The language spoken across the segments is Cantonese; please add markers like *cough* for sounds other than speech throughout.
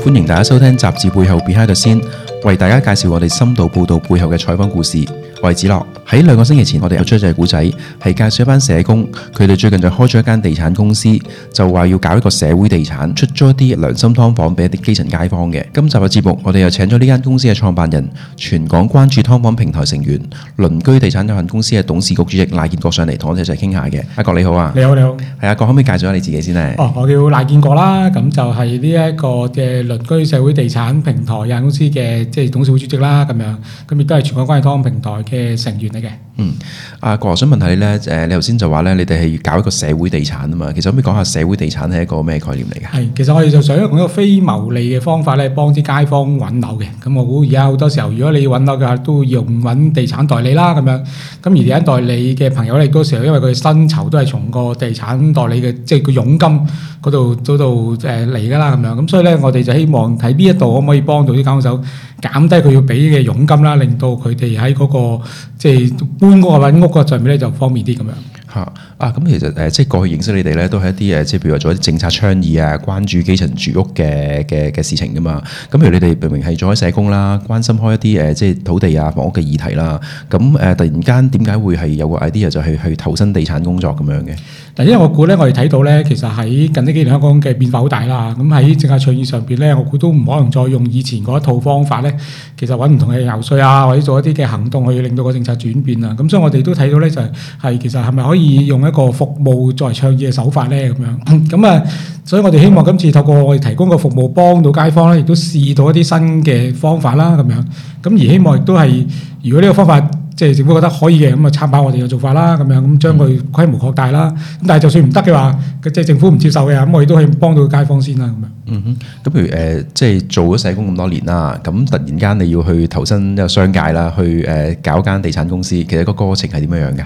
歡迎大家收聽集誌背後 Behind the Scene 嘅先，為大家介紹我哋深度報道背後嘅採訪故事。我係子樂。喺兩個星期前，我哋又出咗個古仔，係介紹一班社工，佢哋最近就開咗一間地產公司，就話要搞一個社會地產，出咗一啲良心劏房俾一啲基層街坊嘅。今集嘅節目，我哋又請咗呢間公司嘅創辦人、全港關注劏房平台成員、侖居地產有限公司嘅董事局主席賴建國上嚟同我哋一齊傾下嘅。阿國你好啊，你好你好。係阿國可唔可以介紹下你自己先咧？哦，我叫賴建國啦，咁就係呢一個嘅侖居社會地產平台有限公司嘅即係董事會主席啦，咁樣，咁亦都係全港關注劏房平台嘅成員。嗯，阿國，我想問下你咧，誒，你頭先就話咧，你哋係搞一個社會地產啊嘛，其實可唔可以講下社會地產係一個咩概念嚟嘅？係，其實我哋就想用一個非牟利嘅方法咧，幫啲街坊搵樓嘅。咁我估而家好多時候，如果你要搵樓嘅話，都用搵地產代理啦，咁樣。咁而地產代理嘅朋友咧，嗰時候因為佢嘅薪酬都係從個地產代理嘅，即係個佣金。嗰度到到誒嚟㗎啦咁樣，咁所以咧，我哋就希望喺呢一度可唔可以幫到啲教授減低佢要俾嘅佣金啦，令到佢哋喺嗰個即係、就是、搬屋啊、揾屋嗰上面咧就方便啲咁樣。嚇！啊，咁、嗯、其實誒、呃，即係過去認識你哋咧，都係一啲誒，即係譬如話做一啲政策倡議啊，關注基層住屋嘅嘅嘅事情噶嘛。咁、嗯、譬如你哋明明係做開社工啦，關心開一啲誒、呃，即係土地啊、房屋嘅議題啦。咁、嗯、誒、呃，突然間點解會係有個 idea 就係去投身地產工作咁樣嘅？嗱，因為我估咧，我哋睇到咧，其實喺近呢幾年香港嘅變化好大啦。咁喺政策倡議上邊咧，我估都唔可能再用以前嗰一套方法咧。其實揾唔同嘅游説啊，或者做一啲嘅行動去令到個政策轉變啊。咁所以我哋都睇到咧，就係、是、係其實係咪可以用一個服務作為倡議嘅手法咧，咁樣咁啊，所以我哋希望今次透過我哋提供個服務，幫到街坊咧，亦都試到一啲新嘅方法啦，咁樣咁而希望亦都係，如果呢個方法即係政府覺得可以嘅，咁啊參考我哋嘅做法啦，咁樣咁將佢規模擴大啦。咁但係就算唔得嘅話，即係政府唔接受嘅，咁我哋都可以幫到街坊先啦。咁樣嗯哼，咁譬如誒，即、呃、係、就是、做咗社工咁多年啦，咁突然間你要去投身一個商界啦，去誒、呃、搞間地產公司，其實個過程係點樣樣㗎？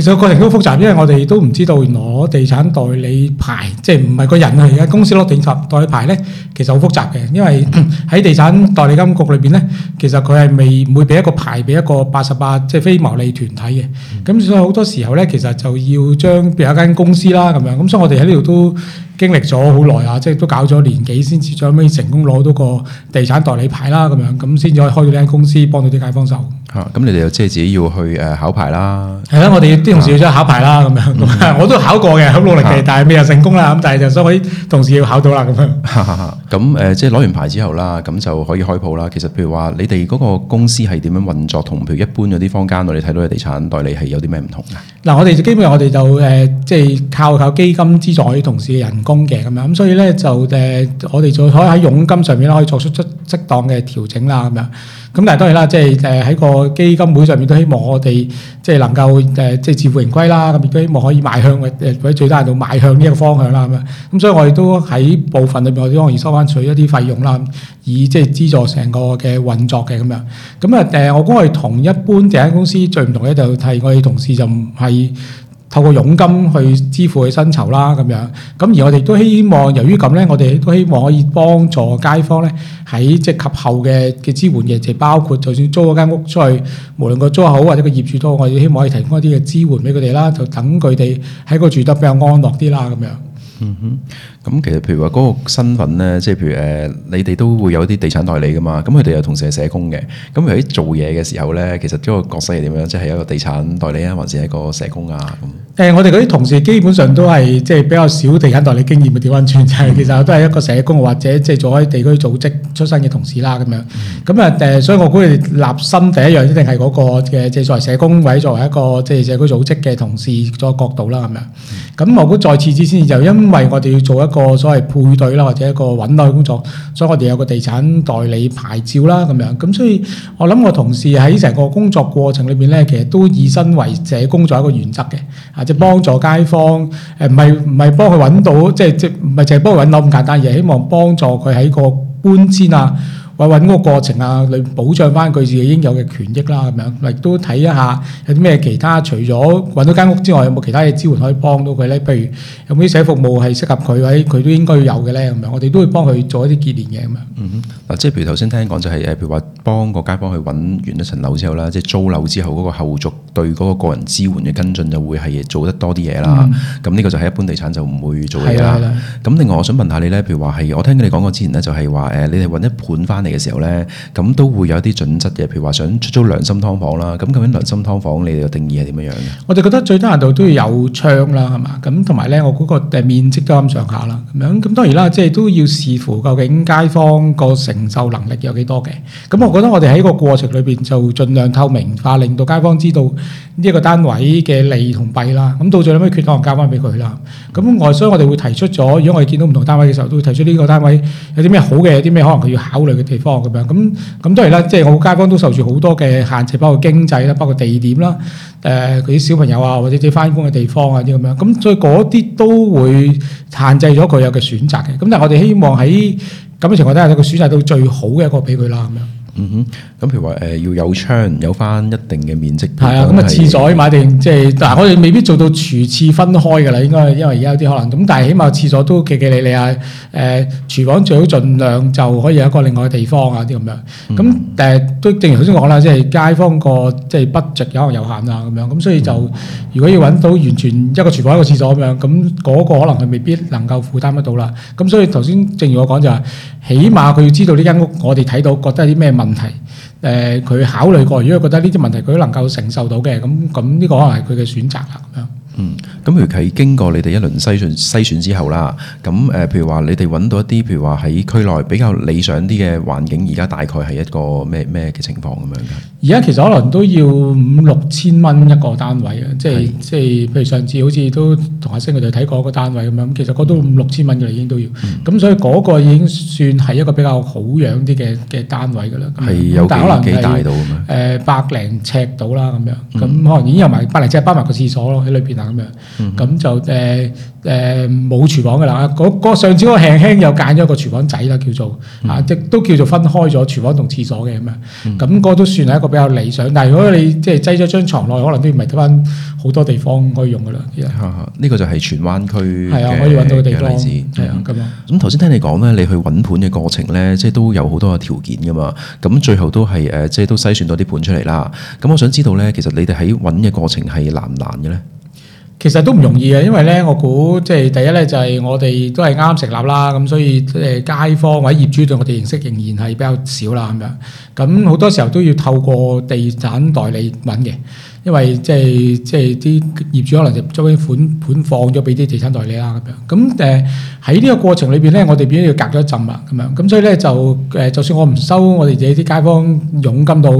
其實個過程都複雜，因為我哋都唔知道攞地產代理牌，即係唔係個人，而家公司攞地產代理牌咧。其實好複雜嘅，因為喺地產代理監局裏邊咧，其實佢係唔會俾一個牌俾一個八十八，即係非牟利團體嘅。咁、嗯、所以好多時候咧，其實就要將別有一間公司啦咁樣。咁所以我哋喺呢度都經歷咗好耐啊，即係都搞咗年幾先至，最後尾成功攞到個地產代理牌啦咁樣，咁先至可以開到呢間公司，幫到啲街坊手。咁、嗯、你哋又即係自己要去誒考牌啦？係啦，我哋啲同事要去考牌啦咁樣。樣嗯、我都考過嘅，好努力嘅、嗯，但係未有成功啦。咁但係就所有同事要考到啦咁樣。 *laughs* 咁誒，即係攞完牌之後啦，咁就可以開鋪啦。其實，譬如話，你哋嗰個公司係點樣運作，同譬如一般嗰啲坊間我哋睇到嘅地產代理係有啲咩唔同嘅？嗱，我哋基本上我就，我、呃、哋就誒，即係靠靠基金資助啲同事嘅人工嘅咁樣，咁所以咧就誒、呃，我哋就可以喺佣金上面咧可以作出出適當嘅調整啦咁樣。咁但係當然啦，即係誒喺個基金會上面都希望我哋即係能夠誒即係自負盈虧啦，咁亦都希望可以邁向或者最大度邁向呢一個方向啦咁樣。咁所以我哋都喺部分裏邊，我哋可以收翻取一啲費用啦，以即係資助成個嘅運作嘅咁樣。咁啊誒，我估係同一般地產公司最唔同咧，就係我哋同事就唔係，透過佣金去支付佢薪酬啦，咁樣咁而我哋都希望，由於咁咧，我哋都希望可以幫助街坊咧，喺即係及後嘅嘅支援嘅，就包括就算租嗰間屋出去，無論個租好或者個業主都，我哋希望可以提供一啲嘅支援俾佢哋啦，就等佢哋喺嗰度住得比較安樂啲啦，咁樣。嗯哼。咁其實譬如話嗰個身份咧，即係譬如誒，你哋都會有啲地產代理㗎嘛，咁佢哋又同時係社工嘅。咁佢哋做嘢嘅時候咧，其實嗰個角色係點樣？即係一個地產代理啊，還是係一個社工啊？誒，我哋嗰啲同事基本上都係即係比較少地產代理經驗嘅調翻轉，就係其實都係一個社工或者即係做喺地區組織出身嘅同事啦咁樣。咁啊誒，所以我估你立心第一樣一定係嗰個嘅，即係作為社工位作為一個即係社區組織嘅同事作角度啦咁樣。咁我估再次之先，就因為我哋要做一個。個所謂配對啦，或者一個揾樓工作，所以我哋有個地產代理牌照啦，咁樣，咁所以我諗我同事喺成個工作過程裏邊咧，其實都以身為社工做一個原則嘅，啊，即係幫助街坊，誒，唔係唔係幫佢揾到，即係即唔係淨係幫佢揾樓咁簡單，而係希望幫助佢喺個搬遷啊。喂，揾個過程啊，你保障翻佢自己應有嘅權益啦，咁樣亦都睇一下有啲咩其他，除咗揾到間屋之外，有冇其他嘅支援可以幫到佢咧？譬如有冇啲社服務係適合佢喺，佢都應該要有嘅咧，咁樣我哋都會幫佢做一啲結連嘢咁樣。嗱、嗯，即係譬如頭先聽講就係誒，譬如話幫個街坊去揾完一層樓之後啦，即、就、係、是、租樓之後嗰、那個後續對嗰個個人支援嘅跟進就會係做得多啲嘢啦。咁呢、嗯、個就係一般地產就唔會做㗎啦。咁另外我想問下你咧，譬如話係我聽你講過之前咧，就係話誒，你哋揾一盤翻，嘅時候咧，咁都會有啲準則嘅，譬如話想出租良心劏房啦。咁究竟良心劏房你哋嘅定義係點樣嘅？我哋覺得最低限度都要有窗啦，係嘛、嗯？咁同埋咧，我估個面積都咁上下啦。咁樣咁當然啦，即係都要視乎究竟街坊個承受能力有幾多嘅。咁我覺得我哋喺個過程裏邊就盡量透明化，令到街坊知道呢一個單位嘅利同弊啦。咁到最後尾決定交翻俾佢啦。咁外所以我哋會提出咗，如果我哋見到唔同單位嘅時候，都會提出呢個單位有啲咩好嘅，有啲咩可能佢要考慮嘅。方咁樣，咁咁當然啦，即係我街坊都受住好多嘅限制，包括經濟啦，包括地點啦，誒佢啲小朋友啊，或者啲翻工嘅地方啊，啲咁樣，咁、嗯、所以嗰啲都會限制咗佢有嘅選擇嘅。咁但係我哋希望喺咁嘅情況底下，佢選擇到最好嘅一個俾佢啦，咁樣。嗯哼。咁譬如話誒，要有窗，有返一定嘅面積，係啊，咁啊，廁所買定即係嗱，就是、但我哋未必做到廚廁分開嘅啦，應該係因為而家有啲可能咁，但係起碼廁所都企企理理啊。誒、呃，廚房最好盡量就可以有一個另外嘅地方啊，啲咁樣咁誒，嗯、但都正如頭先講啦，即、就、係、是、街坊個即係 budget，就是、有可能有限啊咁樣咁，所以就、嗯、如果要揾到完全一個廚房一個廁所咁樣，咁、那、嗰個可能佢未必能夠負擔得到啦。咁所以頭先正如我講就係、是，起碼佢要知道呢間屋我哋睇到覺得係啲咩問題。誒，佢、呃、考慮過，如果覺得呢啲問題佢都能夠承受到嘅，咁咁呢個可能係佢嘅選擇啦，咁樣。嗯，咁譬如喺經過你哋一輪篩選篩選之後啦，咁誒、呃、譬如話你哋揾到一啲譬如話喺區內比較理想啲嘅環境，而家大概係一個咩咩嘅情況咁樣。而家其實可能都要五六千蚊一個單位啊，即係即係譬如上次好似都同阿星佢哋睇過一個單位咁樣，其實嗰度五六千蚊嘅已經都要，咁、嗯、所以嗰個已經算係一個比較好樣啲嘅嘅單位㗎啦。係有幾可能幾大到咁、呃、樣？誒百零尺到啦咁樣，咁、嗯嗯、可能已經有埋百零尺包埋個廁所咯喺裏邊咁樣，咁、嗯、就誒誒冇廚房噶啦。嗰、那個、上次我個輕輕又揀咗一個廚房仔啦，叫做啊，即都叫做分開咗廚房同廁所嘅咁樣。咁、那、嗰、個、都算係一個比較理想。但係如果你即係擠咗張床落去，可能都唔係得翻好多地方可以用噶啦。呢、啊這個就係荃灣區，係啊，可以揾到嘅地方，嘅例子，係啊，咁啊。咁頭先聽你講咧，你去揾盤嘅過程咧，即係都有好多嘅條件噶嘛。咁最後都係誒，即係都篩選多啲盤出嚟啦。咁我想知道咧，其實你哋喺揾嘅過程係難唔難嘅咧？其實都唔容易嘅，因為咧，我估即係第一咧，就係我哋都係啱啱成立啦，咁所以誒街坊或者業主對我哋認識仍然係比較少啦，咁樣。咁好多時候都要透過地產代理揾嘅，因為即係即係啲業主可能就將啲款款放咗俾啲地產代理啦，咁樣。咁誒喺呢個過程裏邊咧，我哋變咗要隔咗一陣啦，咁樣。咁所以咧就誒，就算我唔收我哋自己啲街坊佣金到，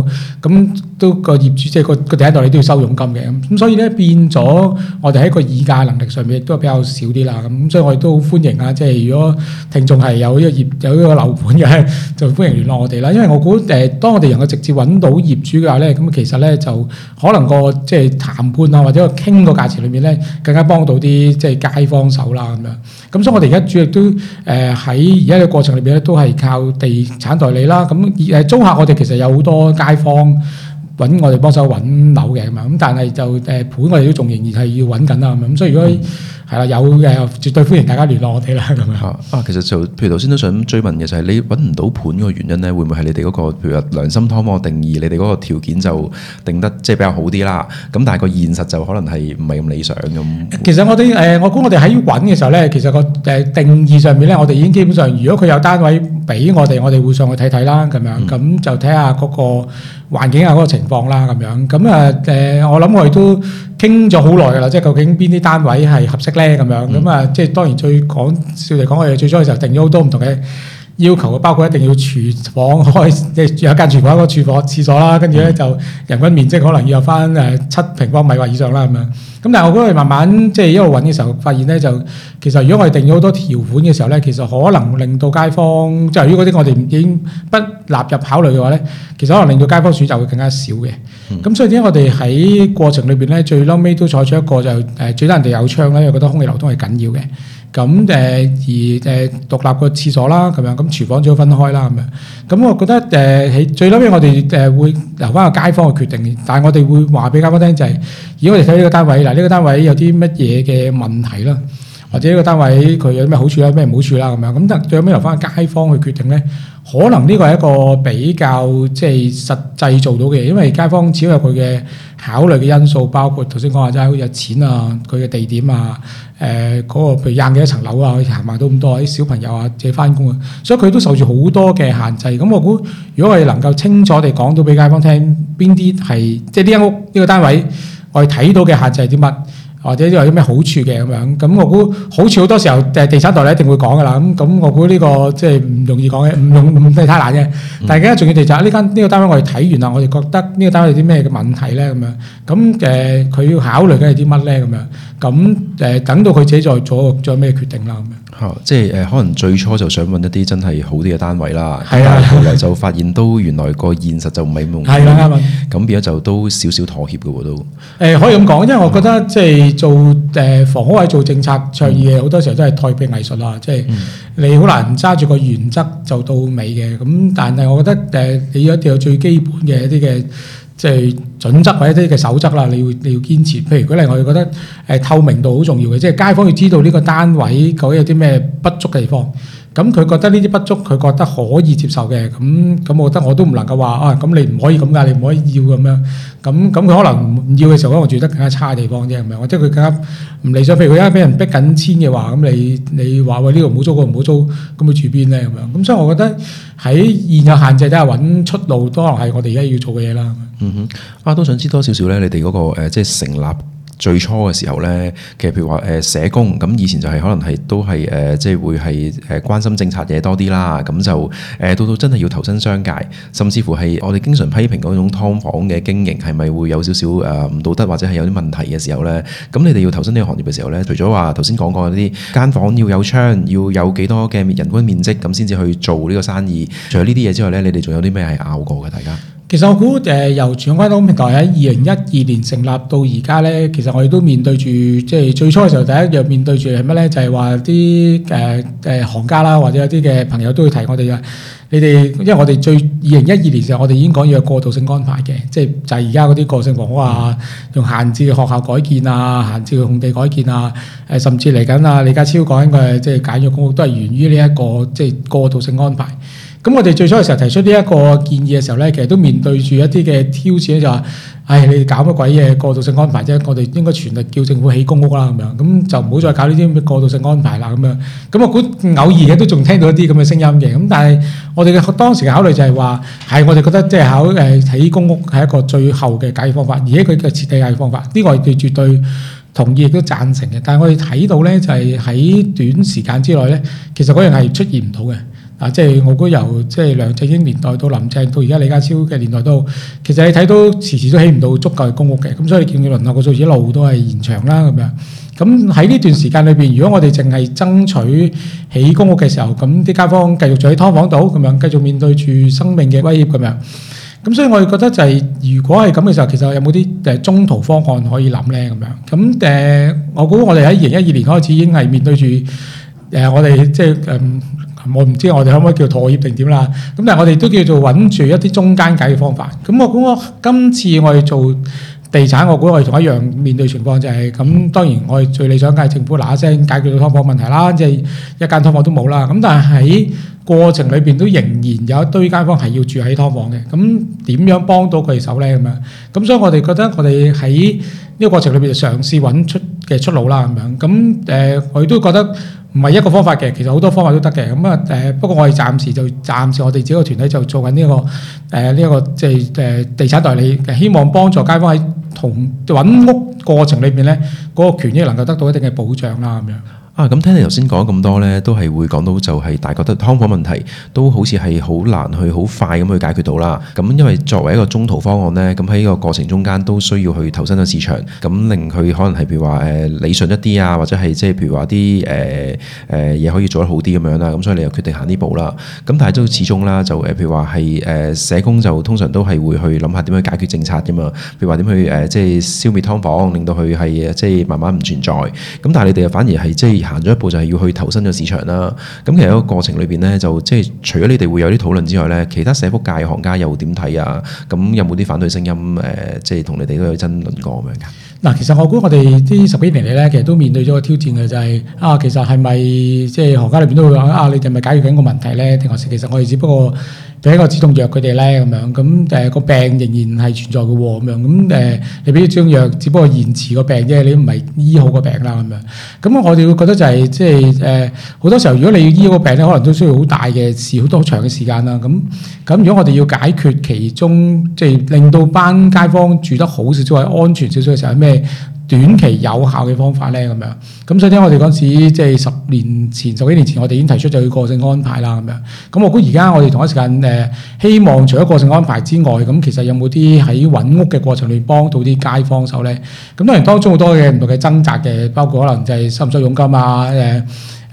咁。都個業主即係個個第一代，你都要收佣金嘅，咁，所以咧變咗我哋喺個議價能力上面都比較少啲啦。咁、嗯，所以我亦都歡迎啊，即係如果聽眾係有呢個業有呢個樓盤嘅，就歡迎聯絡我哋啦。因為我估誒，當我哋能夠直接揾到業主嘅話咧，咁其實咧就可能個即係談判啊，或者個傾個價錢裏面咧，更加幫到啲即係街坊手啦咁樣。咁、嗯、所以我，我哋而家主力都誒喺而家嘅過程裏邊咧，都係靠地產代理啦。咁、嗯、誒租客，我哋其實有好多街坊。揾我哋幫手揾樓嘅嘛，咁但係就誒盤我哋都仲仍然係要揾緊啊，咁所以如果，嗯係啦，有嘅，絕對歡迎大家聯絡我哋啦，咁樣啊。啊，其實就譬如頭先都想追問嘅就係，是，你揾唔到盤嘅原因咧，會唔會係你哋嗰，那個譬如話良心湯嘅定義，你哋嗰個條件就定得即係，就是，比較好啲啦。咁但係個現實就可能係唔係咁理想咁。其實我哋誒，呃，我估我哋喺揾嘅時候咧，其實個誒定義上面咧，我哋已經基本上，如果佢有單位俾我哋，我哋會上去睇睇啦，咁樣。咁，嗯，就睇下嗰個環境啊，嗰個情況啦，咁樣。咁啊誒，我諗我哋都。傾咗好耐㗎啦，即係究竟邊啲單位係合適呢？咁樣咁啊，即係當然最講笑嚟講，我哋最鍾意就定咗好多唔同嘅要求嘅包括一定要廚房開，即係有間廚房嗰個廚房、廁所啦，跟住咧就人均面積可能要有翻誒七平方米或以上啦，咁樣。咁但係我覺得你慢慢即係一路揾嘅時候，發現咧就其實如果我哋定咗好多條款嘅時候咧，其實可能令到街坊即係如果啲我哋已經不納入考慮嘅話咧，其實可能令到街坊選擇會更加少嘅。咁、嗯、所以點解我哋喺過程裏邊咧，最嬲尾都採取一個就誒、是、最得人哋有窗咧，因為覺得空氣流通係緊要嘅。咁誒而誒獨立個廁所啦，咁樣咁廚房最好分開啦，咁樣。咁我覺得誒喺最尾，我哋誒會留返個街坊去決定。但係我哋會話俾街坊聽就係：如果我哋睇呢個單位，嗱、這、呢個單位有啲乜嘢嘅問題啦，或者呢個單位佢有啲咩好處啦、咩唔好處啦，咁樣。咁但最尾留返個街坊去決定咧。可能呢個係一個比較即係實際做到嘅，因為街坊只有佢嘅考慮嘅因素，包括頭先講話即係好有錢啊，佢嘅地點啊，誒嗰個譬如閂幾多層樓啊，行埋到咁多啲小朋友啊，自己返工啊，所以佢都受住好多嘅限制。咁、嗯、我估，如果我哋能夠清楚地講到俾街坊聽，邊啲係即係呢間屋呢、呢個單位我哋睇到嘅限制係啲乜？或者呢度有啲咩好處嘅咁樣，咁我估好處好多時候，誒地產代理一定會講噶啦，咁咁我估呢個即係唔容易講嘅，唔容唔係太難嘅。大家仲要地就呢間呢個單位我，我哋睇完啦，我哋覺得呢個單位有啲咩嘅問題咧咁樣。咁誒，佢、呃、要考慮嘅係啲乜咧咁樣？咁誒、呃，等到佢自己再做再咩決定啦咁樣。嗯嗯、即係誒、呃，可能最初就想揾一啲真係好啲嘅單位啦，但係後來就發現都原來個現實就唔係咁。係啦、嗯，啱咁、嗯、變咗就都少少妥協嘅喎，都、嗯。誒，可以咁講，因為我覺得即係做誒房屋係做政策創意嘅，好多時候都係退避藝術啊。即、就、係、是、你好難揸住個原則就到尾嘅。咁但係。我覺得誒，你一定要最基本嘅一啲嘅，即係，準則或者啲嘅守則啦，你要你要堅持。譬如舉例，我哋覺得誒、呃、透明度好重要嘅，即係街坊要知道呢個單位究竟有啲咩不足嘅地方。咁佢覺得呢啲不足，佢覺得可以接受嘅。咁咁，我覺得我都唔能夠話啊，咁你唔可以咁㗎，你唔可以要咁樣。咁咁，佢可能唔要嘅時候，可能我住得更加差嘅地方啫，係咪？或者佢更加唔理想，譬如佢而家俾人逼緊遷嘅話，咁你你話喂呢個唔好租，個唔好租，咁佢住邊咧咁樣？咁所以，我覺得喺現有限制底下，揾出路，都可能係我哋而家要做嘅嘢啦。嗯哼。 *music* 我、啊、都想知多少少咧，你哋嗰個誒，即係成立最初嘅時候咧，其實譬如話誒、呃、社工，咁以前就係可能係都係誒、呃，即係會係誒關心政策嘢多啲啦。咁就誒到到真係要投身商界，甚至乎係我哋經常批評嗰種劏房嘅經營係咪會有少少誒唔道德或者係有啲問題嘅時候咧？咁你哋要投身呢個行業嘅時候咧，除咗話頭先講過嗰啲間房要有窗，要有幾多嘅人均面積，咁先至去做呢個生意。除咗呢啲嘢之外咧，你哋仲有啲咩係拗過嘅？大家？其實我估誒由全港關注平台喺二零一二年成立到而家咧，其實我哋都面對住即係最初嘅時候第一樣面對住係乜咧？就係話啲誒誒行家啦，或者有啲嘅朋友都會提我哋話：你哋因為我哋最二零一二年時候，我哋已經講要有過渡性安排嘅，即係就係而家嗰啲個性房屋啊，用閒置學校改建啊，閒置嘅空地改建啊，誒甚至嚟緊啊李家超講嘅即係簡約公屋，都係源於呢、這、一個即係過渡性安排。咁我哋最初嘅時候提出呢一個建議嘅時候咧，其實都面對住一啲嘅挑戰咧，就話、是：，唉、哎，你哋搞乜鬼嘢過渡性安排啫？我哋應該全力叫政府起公屋啦，咁樣，咁就唔好再搞呢啲過渡性安排啦，咁樣。咁我估偶爾嘅都仲聽到一啲咁嘅聲音嘅。咁但係我哋嘅當時嘅考慮就係話：，係我哋覺得即係考誒起公屋係一個最後嘅解決方法，而且佢嘅徹底解決方法。呢、這個我哋絕對同意亦都贊成嘅。但係我哋睇到咧，就係、是、喺短時間之內咧，其實嗰樣係出現唔到嘅。啊，即係我估由即係梁振英年代到林鄭到而家李家超嘅年代都，其實你睇到時時都起唔到足夠嘅公屋嘅，咁所以見到輪候個數字一路都係延長啦咁樣。咁喺呢段時間裏邊，如果我哋淨係爭取起公屋嘅時候，咁啲街坊繼續喺㓥房度咁樣，繼續面對住生命嘅威脅咁樣。咁所以我哋覺得就係如果係咁嘅時候，其實有冇啲誒中途方案可以諗咧咁樣？咁誒，我估我哋喺二零一二年開始已經係面對住。誒，我哋即係誒，我唔知我哋可唔可以叫妥協定點啦。咁但係我哋都叫做揾住一啲中間解嘅方法。咁我估我今次我哋做地產，我估我哋同一樣面對情況就係咁。當然我哋最理想梗係政府嗱一聲解決到劏房問題啦，即係一間劏房都冇啦。咁但係喺過程裏邊都仍然有一堆街坊係要住喺劏房嘅。咁點樣幫到佢哋手咧？咁樣，咁所以我哋覺得我哋喺呢個過程裏邊就嘗試揾出嘅出路啦。咁樣，咁誒，我哋都覺得。唔係一個方法嘅，其實好多方法都得嘅。咁啊，誒不過我哋暫時就暫時，我哋自己個團體就做緊、這、呢個誒呢、呃這個即係誒地產代理，希望幫助街坊喺同揾屋過程裏邊咧，嗰、那個權益能夠得到一定嘅保障啦咁樣。啊，咁聽你頭先講咁多呢，都係會講到就係大覺得劏房問題都好似係好難去好快咁去解決到啦。咁因為作為一個中途方案呢，咁喺呢個過程中間都需要去投身咗市場，咁令佢可能係譬如話誒、呃、理想一啲啊，或者係即係譬如話啲誒誒嘢可以做得好啲咁樣啦。咁所以你又決定行呢步啦。咁但係都始終啦，就、呃、譬如話係誒社工就通常都係會去諗下點樣解決政策啫嘛。譬如話點去誒、呃、即係消滅劏房，令到佢係即係慢慢唔存在。咁但係你哋反而係即係。行咗一步就係要去投身咗市場啦，咁其實個過程裏邊咧，就即係除咗你哋會有啲討論之外咧，其他社福界行家又點睇啊？咁有冇啲反對聲音？誒、呃，即係同你哋都有爭論過咁樣噶？嗱，其實我估我哋呢十幾年嚟咧，其實都面對咗個挑戰嘅、就係，就係啊，其實係咪即係行家裏邊都會講啊，你哋係咪解決緊個問題咧？定話其實我哋只不過。俾一個止痛藥佢哋咧，咁樣咁誒個病仍然係存在嘅喎，咁樣咁誒，你俾啲中藥，只不過延遲個病啫，你唔係醫好個病啦，咁、嗯、樣。咁我哋覺得就係即係誒，好、就是呃、多時候如果你要醫好個病咧，可能都需要好大嘅事，好多好長嘅時間啦。咁、嗯、咁、嗯，如果我哋要解決其中，即、就、係、是、令到班街坊住得好少少，係安全少少嘅時候，咩？短期有效嘅方法咧，咁樣，咁所以咧，我哋嗰陣時即係十年前、十幾年前，我哋已經提出咗係個性安排啦，咁樣。咁我估而家我哋同一時間誒、呃，希望除咗個性安排之外，咁其實有冇啲喺揾屋嘅過程裏邊幫到啲街坊手咧？咁當然當中好多嘅唔同嘅掙扎嘅，包括可能就係收唔收佣金啊，誒、呃。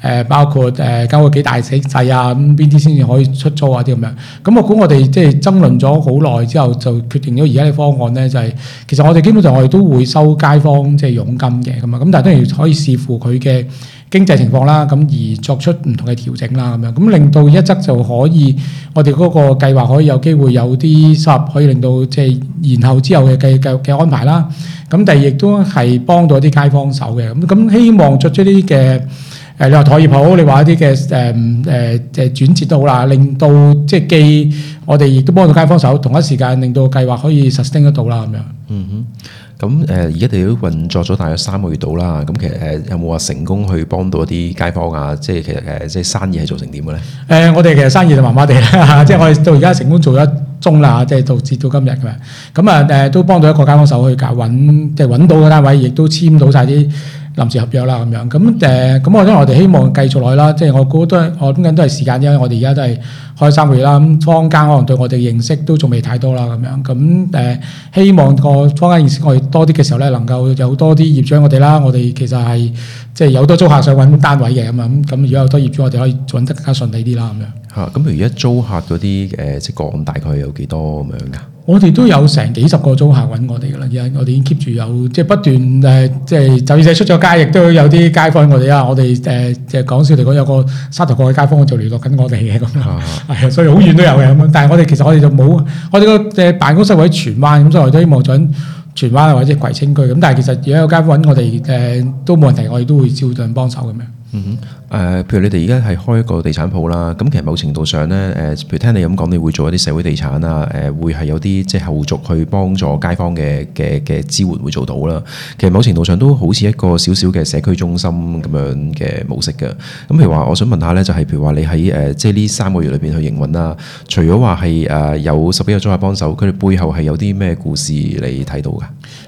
誒包括誒交個幾大死費啊，咁邊啲先至可以出租啊？啲咁樣，咁我估我哋即係爭論咗好耐之後，就決定咗而家嘅方案咧、就係，就係其實我哋基本上我哋都會收街坊即係佣金嘅咁啊。咁但係當然可以視乎佢嘅經濟情況啦，咁而作出唔同嘅調整啦，咁樣，咁令到一則就可以我哋嗰個計劃可以有機會有啲收入，可以令到即係然後之後嘅計計嘅安排啦。咁第二亦都係幫到啲街坊手嘅咁，咁希望作出啲嘅。誒你話台爾普，你話一啲嘅誒誒誒轉折都好啦，令到即係既我哋亦都幫到街坊手，同一時間令到計劃可以 sustain 得到啦咁樣。嗯哼，咁誒而家哋都運作咗大約三個月到啦，咁其實誒有冇話成功去幫到一啲街坊啊？即係其實誒即係生意係做成點嘅咧？誒、呃、我哋其實生意就麻麻地啦， *laughs* 即係我哋到而家成功做咗一宗啦，即係到至到今日咁樣。咁啊誒都幫到一個街坊手去揀，即係揾到嘅單位，亦都簽到晒啲臨時合約啦咁樣，咁誒，咁我因為我哋希望繼續落去啦，即係我估都，我估緊都係時間，因為我哋而家都係開三個月啦，咁坊間可能對我哋認識都仲未太多啦，咁樣，咁誒，希望個坊間認識我哋多啲嘅時候咧，能夠有多啲業主喺我哋啦，我哋其實係即係有多租客想揾單位嘅啊嘛，咁咁如果有多業主，我哋可以揾得更加順利啲啦，咁樣，嗯。嚇，咁而家租客嗰啲誒職格咁，大概有幾多咁樣㗎？我哋都有成幾十個租客揾我哋㗎喇，而家我哋已經 keep 住有，即係不斷誒，即係就算出咗街，亦都有啲街坊揾我哋啊！我哋誒即係講笑嚟講，有個沙頭角嘅街坊就聯絡緊我哋嘅咁，係啊，所以好遠都有嘅咁。但係我哋其實我哋就冇，我哋個誒辦公室位喺荃灣咁，所以我都希望喺荃灣或者葵青區。咁但係其實如果有街坊揾我哋誒，都冇問題，我哋都會照盡幫手咁樣。嗯哼、呃，譬如你哋而家係開一個地產鋪啦，咁其實某程度上咧，誒，譬如聽你咁講，你會做一啲社會地產啊，誒、呃，會係有啲即係後續去幫助街坊嘅嘅嘅支援會做到啦。其實某程度上都好似一個少少嘅社區中心咁樣嘅模式嘅。咁譬如話，我想問下咧，就係、是、譬如話你喺誒，即係呢三個月裏邊去營運啦，除咗話係誒有十幾個租客幫手，佢哋背後係有啲咩故事你睇到嘅？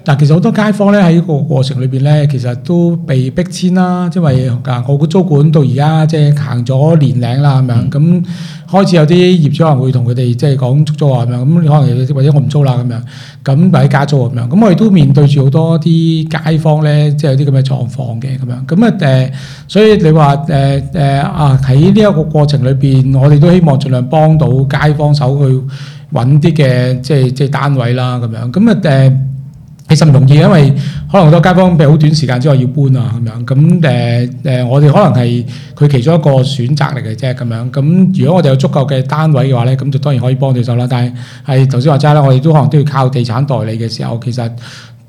嗱，其實好多街坊咧，喺呢個過程裏邊咧，其實都被逼遷啦，因為我個租管到而家即係行咗年零啦，咁樣咁開始有啲業主可能會同佢哋即係講出租啊，咁樣咁你可能或者我唔租啦，咁樣咁或者加租咁樣。咁我哋都面對住好多啲街坊咧，即係有啲咁嘅狀況嘅咁樣咁啊。誒，所以你話誒誒啊喺呢一個過程裏邊，我哋都希望盡量幫到街坊手去揾啲嘅即係即係單位啦，咁樣咁啊誒。其實唔容易，因為可能好多街坊譬如好短時間之後要搬啊咁樣咁誒誒，我哋可能係佢其中一個選擇嚟嘅啫咁樣。咁如果我哋有足夠嘅單位嘅話咧，咁就當然可以幫到手啦。但係係頭先話齋啦，我哋都可能都要靠地產代理嘅時候，其實。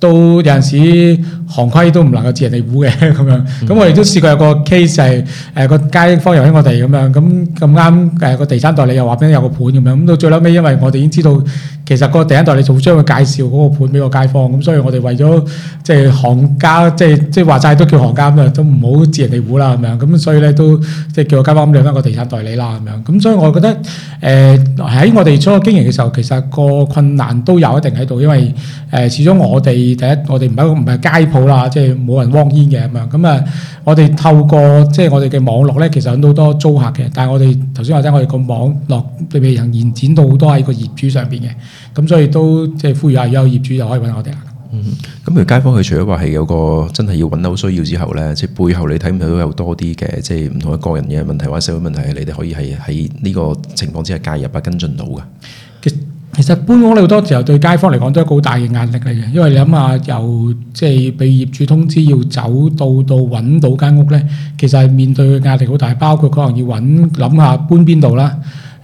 都有陣時行規都唔能夠截人地糊嘅咁樣，咁我亦都試過有個 case 就係誒個街坊又喺我哋咁樣，咁咁啱誒個地產代理又話俾佢有個盤咁樣，咁到最後尾，因為我哋已經知道其實個地產代理仲將佢介紹嗰個盤俾個街坊，咁所以我哋為咗即係行家，即係即係話齋都叫行家咁都唔好截人地糊啦咁樣，咁所以咧都即係叫個街坊唔好揾個地產代理啦咁樣，咁所以我覺得誒喺、呃、我哋初期經營嘅時候，其實個困難都有一定喺度，因為誒、呃、始終我哋。第一，我哋唔係唔係街鋪啦，即係冇人汪煙嘅咁樣。咁啊，我哋透過即係我哋嘅網絡咧，其實揾到好多租客嘅。但係我哋頭先話齋，我哋個網絡並未能延展到好多喺個業主上邊嘅。咁所以都即係呼籲下，有業主就可以揾我哋啦。咁譬、嗯嗯、如街坊佢除咗話係有個真係要揾到需要之後咧，即係背後你睇唔睇到有多啲嘅，即係唔同嘅個人嘅問題或者社會問題，你哋可以係喺呢個情況之下介入啊，跟進到嘅。其實搬屋咧，好多時候對街坊嚟講都係一個好大嘅壓力嚟嘅，因為你諗下由即係俾業主通知要走到到揾到間屋呢，其實係面對嘅壓力好大，包括可能要揾諗下搬邊度啦。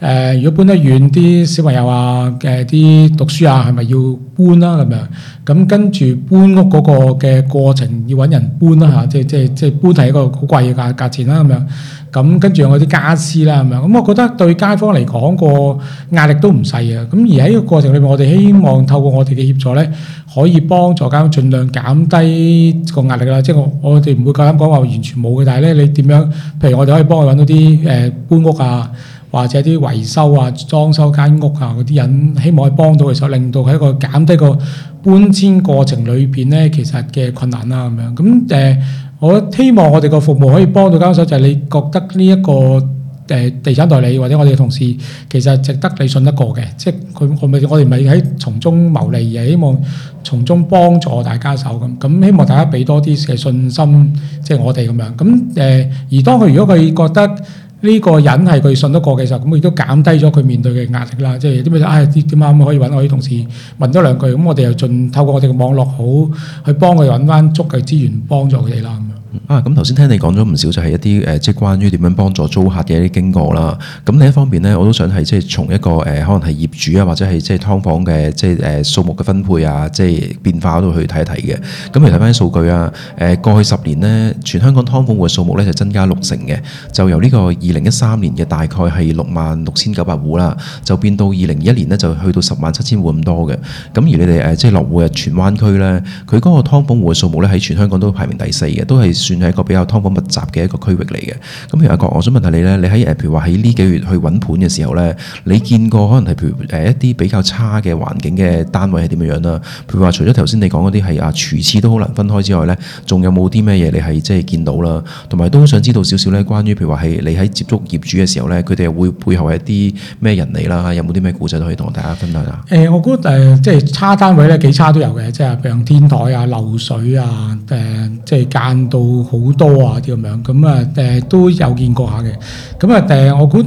誒、呃，如果搬得遠啲，小朋友啊，誒、呃、啲讀書啊，係咪要搬啦、啊？咁樣咁跟住搬屋嗰個嘅過程，要揾人搬啦、啊、吓，即即即搬係一個好貴嘅價價錢啦咁樣。咁跟住我啲家私啦咁樣，咁、嗯、我覺得對街坊嚟講個壓力都唔細啊。咁而喺呢個過程裏面，我哋希望透過我哋嘅協助咧，可以幫助街坊盡量減低個壓力啦。即我我哋唔會夠膽講話完全冇嘅，但係咧你點樣？譬如我哋可以幫佢揾到啲誒、呃、搬屋啊。或者啲維修啊、裝修間屋啊嗰啲人，希望可以幫到佢手，令到佢一個減低個搬遷過程裏邊咧，其實嘅困難啦、啊、咁樣。咁誒、呃，我希望我哋個服務可以幫到間所，就係、是、你覺得呢、這、一個誒、呃、地產代理或者我哋嘅同事，其實值得你信得過嘅，即係佢我咪我哋唔係喺從中牟利，而係希望從中幫助大家手咁。咁希望大家俾多啲嘅信心，即係我哋咁樣。咁誒、呃，而當佢如果佢覺得，呢個人係佢信得過嘅時候，咁亦都減低咗佢面對嘅壓力啦。即係點樣？唉、哎，點點啊，可以揾我啲同事問多兩句。咁、嗯、我哋又盡透過我哋嘅網絡好去幫佢揾翻足嘅資源幫助佢哋啦。咁啊，咁頭先聽你講咗唔少，就係、是、一啲誒、呃，即係關於點樣幫助租客嘅啲經過啦。咁另一方面呢，我都想係即係從一個誒、呃，可能係業主啊，或者係即係劏房嘅即係誒數目嘅分配看看啊，即係變化嗰度去睇一睇嘅。咁嚟睇翻啲數據啊，誒過去十年，年呢，全香港劏房嘅數目咧就增加六成嘅，就由呢、這個二零一三年嘅大概係六萬六千九百戶啦，就變到二零二一年呢，就去到十萬七千戶咁多嘅。咁而你哋誒，即係落戶嘅荃灣區呢，佢嗰個劏房戶嘅數目呢，喺全香港都排名第四嘅，都係算係一個比較劏房密集嘅一個區域嚟嘅。咁譬如阿國，我想問下你呢，你喺譬如話喺呢幾月去揾盤嘅時候呢，你見過可能係譬如誒一啲比較差嘅環境嘅單位係點樣樣啦？譬如話除咗頭先你講嗰啲係啊廚廁都好難分開之外呢，仲有冇啲咩嘢你係即係見到啦？同埋都好想知道少少少呢關於譬如話係你喺。接觸業主嘅時候咧，佢哋會背後係一啲咩人嚟啦？有冇啲咩故事都可以同大家分享下？誒、呃，我估誒、呃、即係差單位咧幾差都有嘅，即係譬如天台啊、漏水啊、誒、呃、即係間到好多啊啲咁樣，咁啊誒都有見過下嘅。咁啊誒，我估誒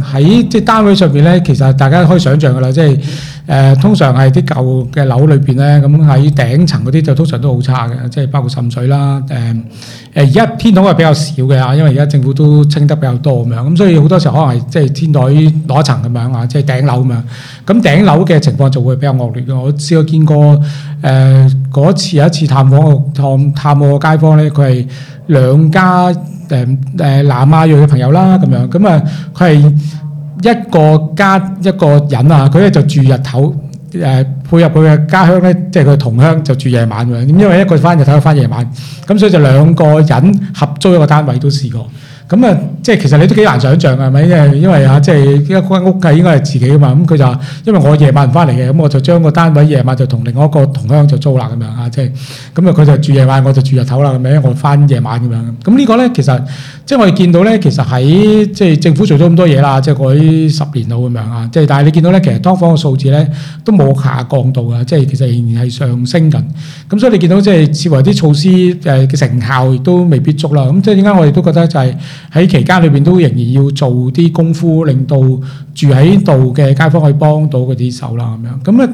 喺即係單位上邊咧，其實大家可以想像㗎喇，即係。誒、呃、通常係啲舊嘅樓裏邊咧，咁、嗯、喺頂層嗰啲就通常都好差嘅，即係包括滲水啦。誒誒而家天台係比較少嘅嚇，因為而家政府都清得比較多咁樣，咁、呃、所以好多時候可能係即係天台攞一層咁樣嚇、啊，即係頂樓咁樣。咁、啊、頂樓嘅情況就會比較惡劣嘅。我試過見過誒嗰次，有一次探訪個探探訪個街坊咧，佢係兩家誒誒南亞裔嘅朋友啦咁樣，咁啊佢係。呃一個家一個人啊，佢咧就住日頭，誒、呃，配合佢嘅家鄉咧，即係佢同鄉就住夜晚。咁因為一個翻日頭，一個翻夜晚，咁所以就兩個人合租一個單位都試過。咁啊，即係其實你都幾難想像啊，係咪？因為因為啊，即係一間屋計應該係自己噶嘛。咁佢就話，因為我夜晚唔翻嚟嘅，咁我就將個單位夜晚就同另外一個同鄉就租啦咁樣啊。即係咁啊，佢就住夜晚，我就住日頭啦咁樣。我翻夜晚咁樣。咁呢個咧，其實即係我哋見到咧，其實喺即係政府做咗咁多嘢啦，即係嗰啲十年度咁樣啊。即係但係你見到咧，其實當房嘅數字咧都冇下降到啊，即係其實仍然係上升緊。咁所以你見到即係似乎啲措施誒嘅成效都未必足啦。咁即係點解我哋都覺得就係、是？喺期間裏邊都仍然要做啲功夫，令到住喺度嘅街坊可以幫到佢啲手啦咁樣。咁啊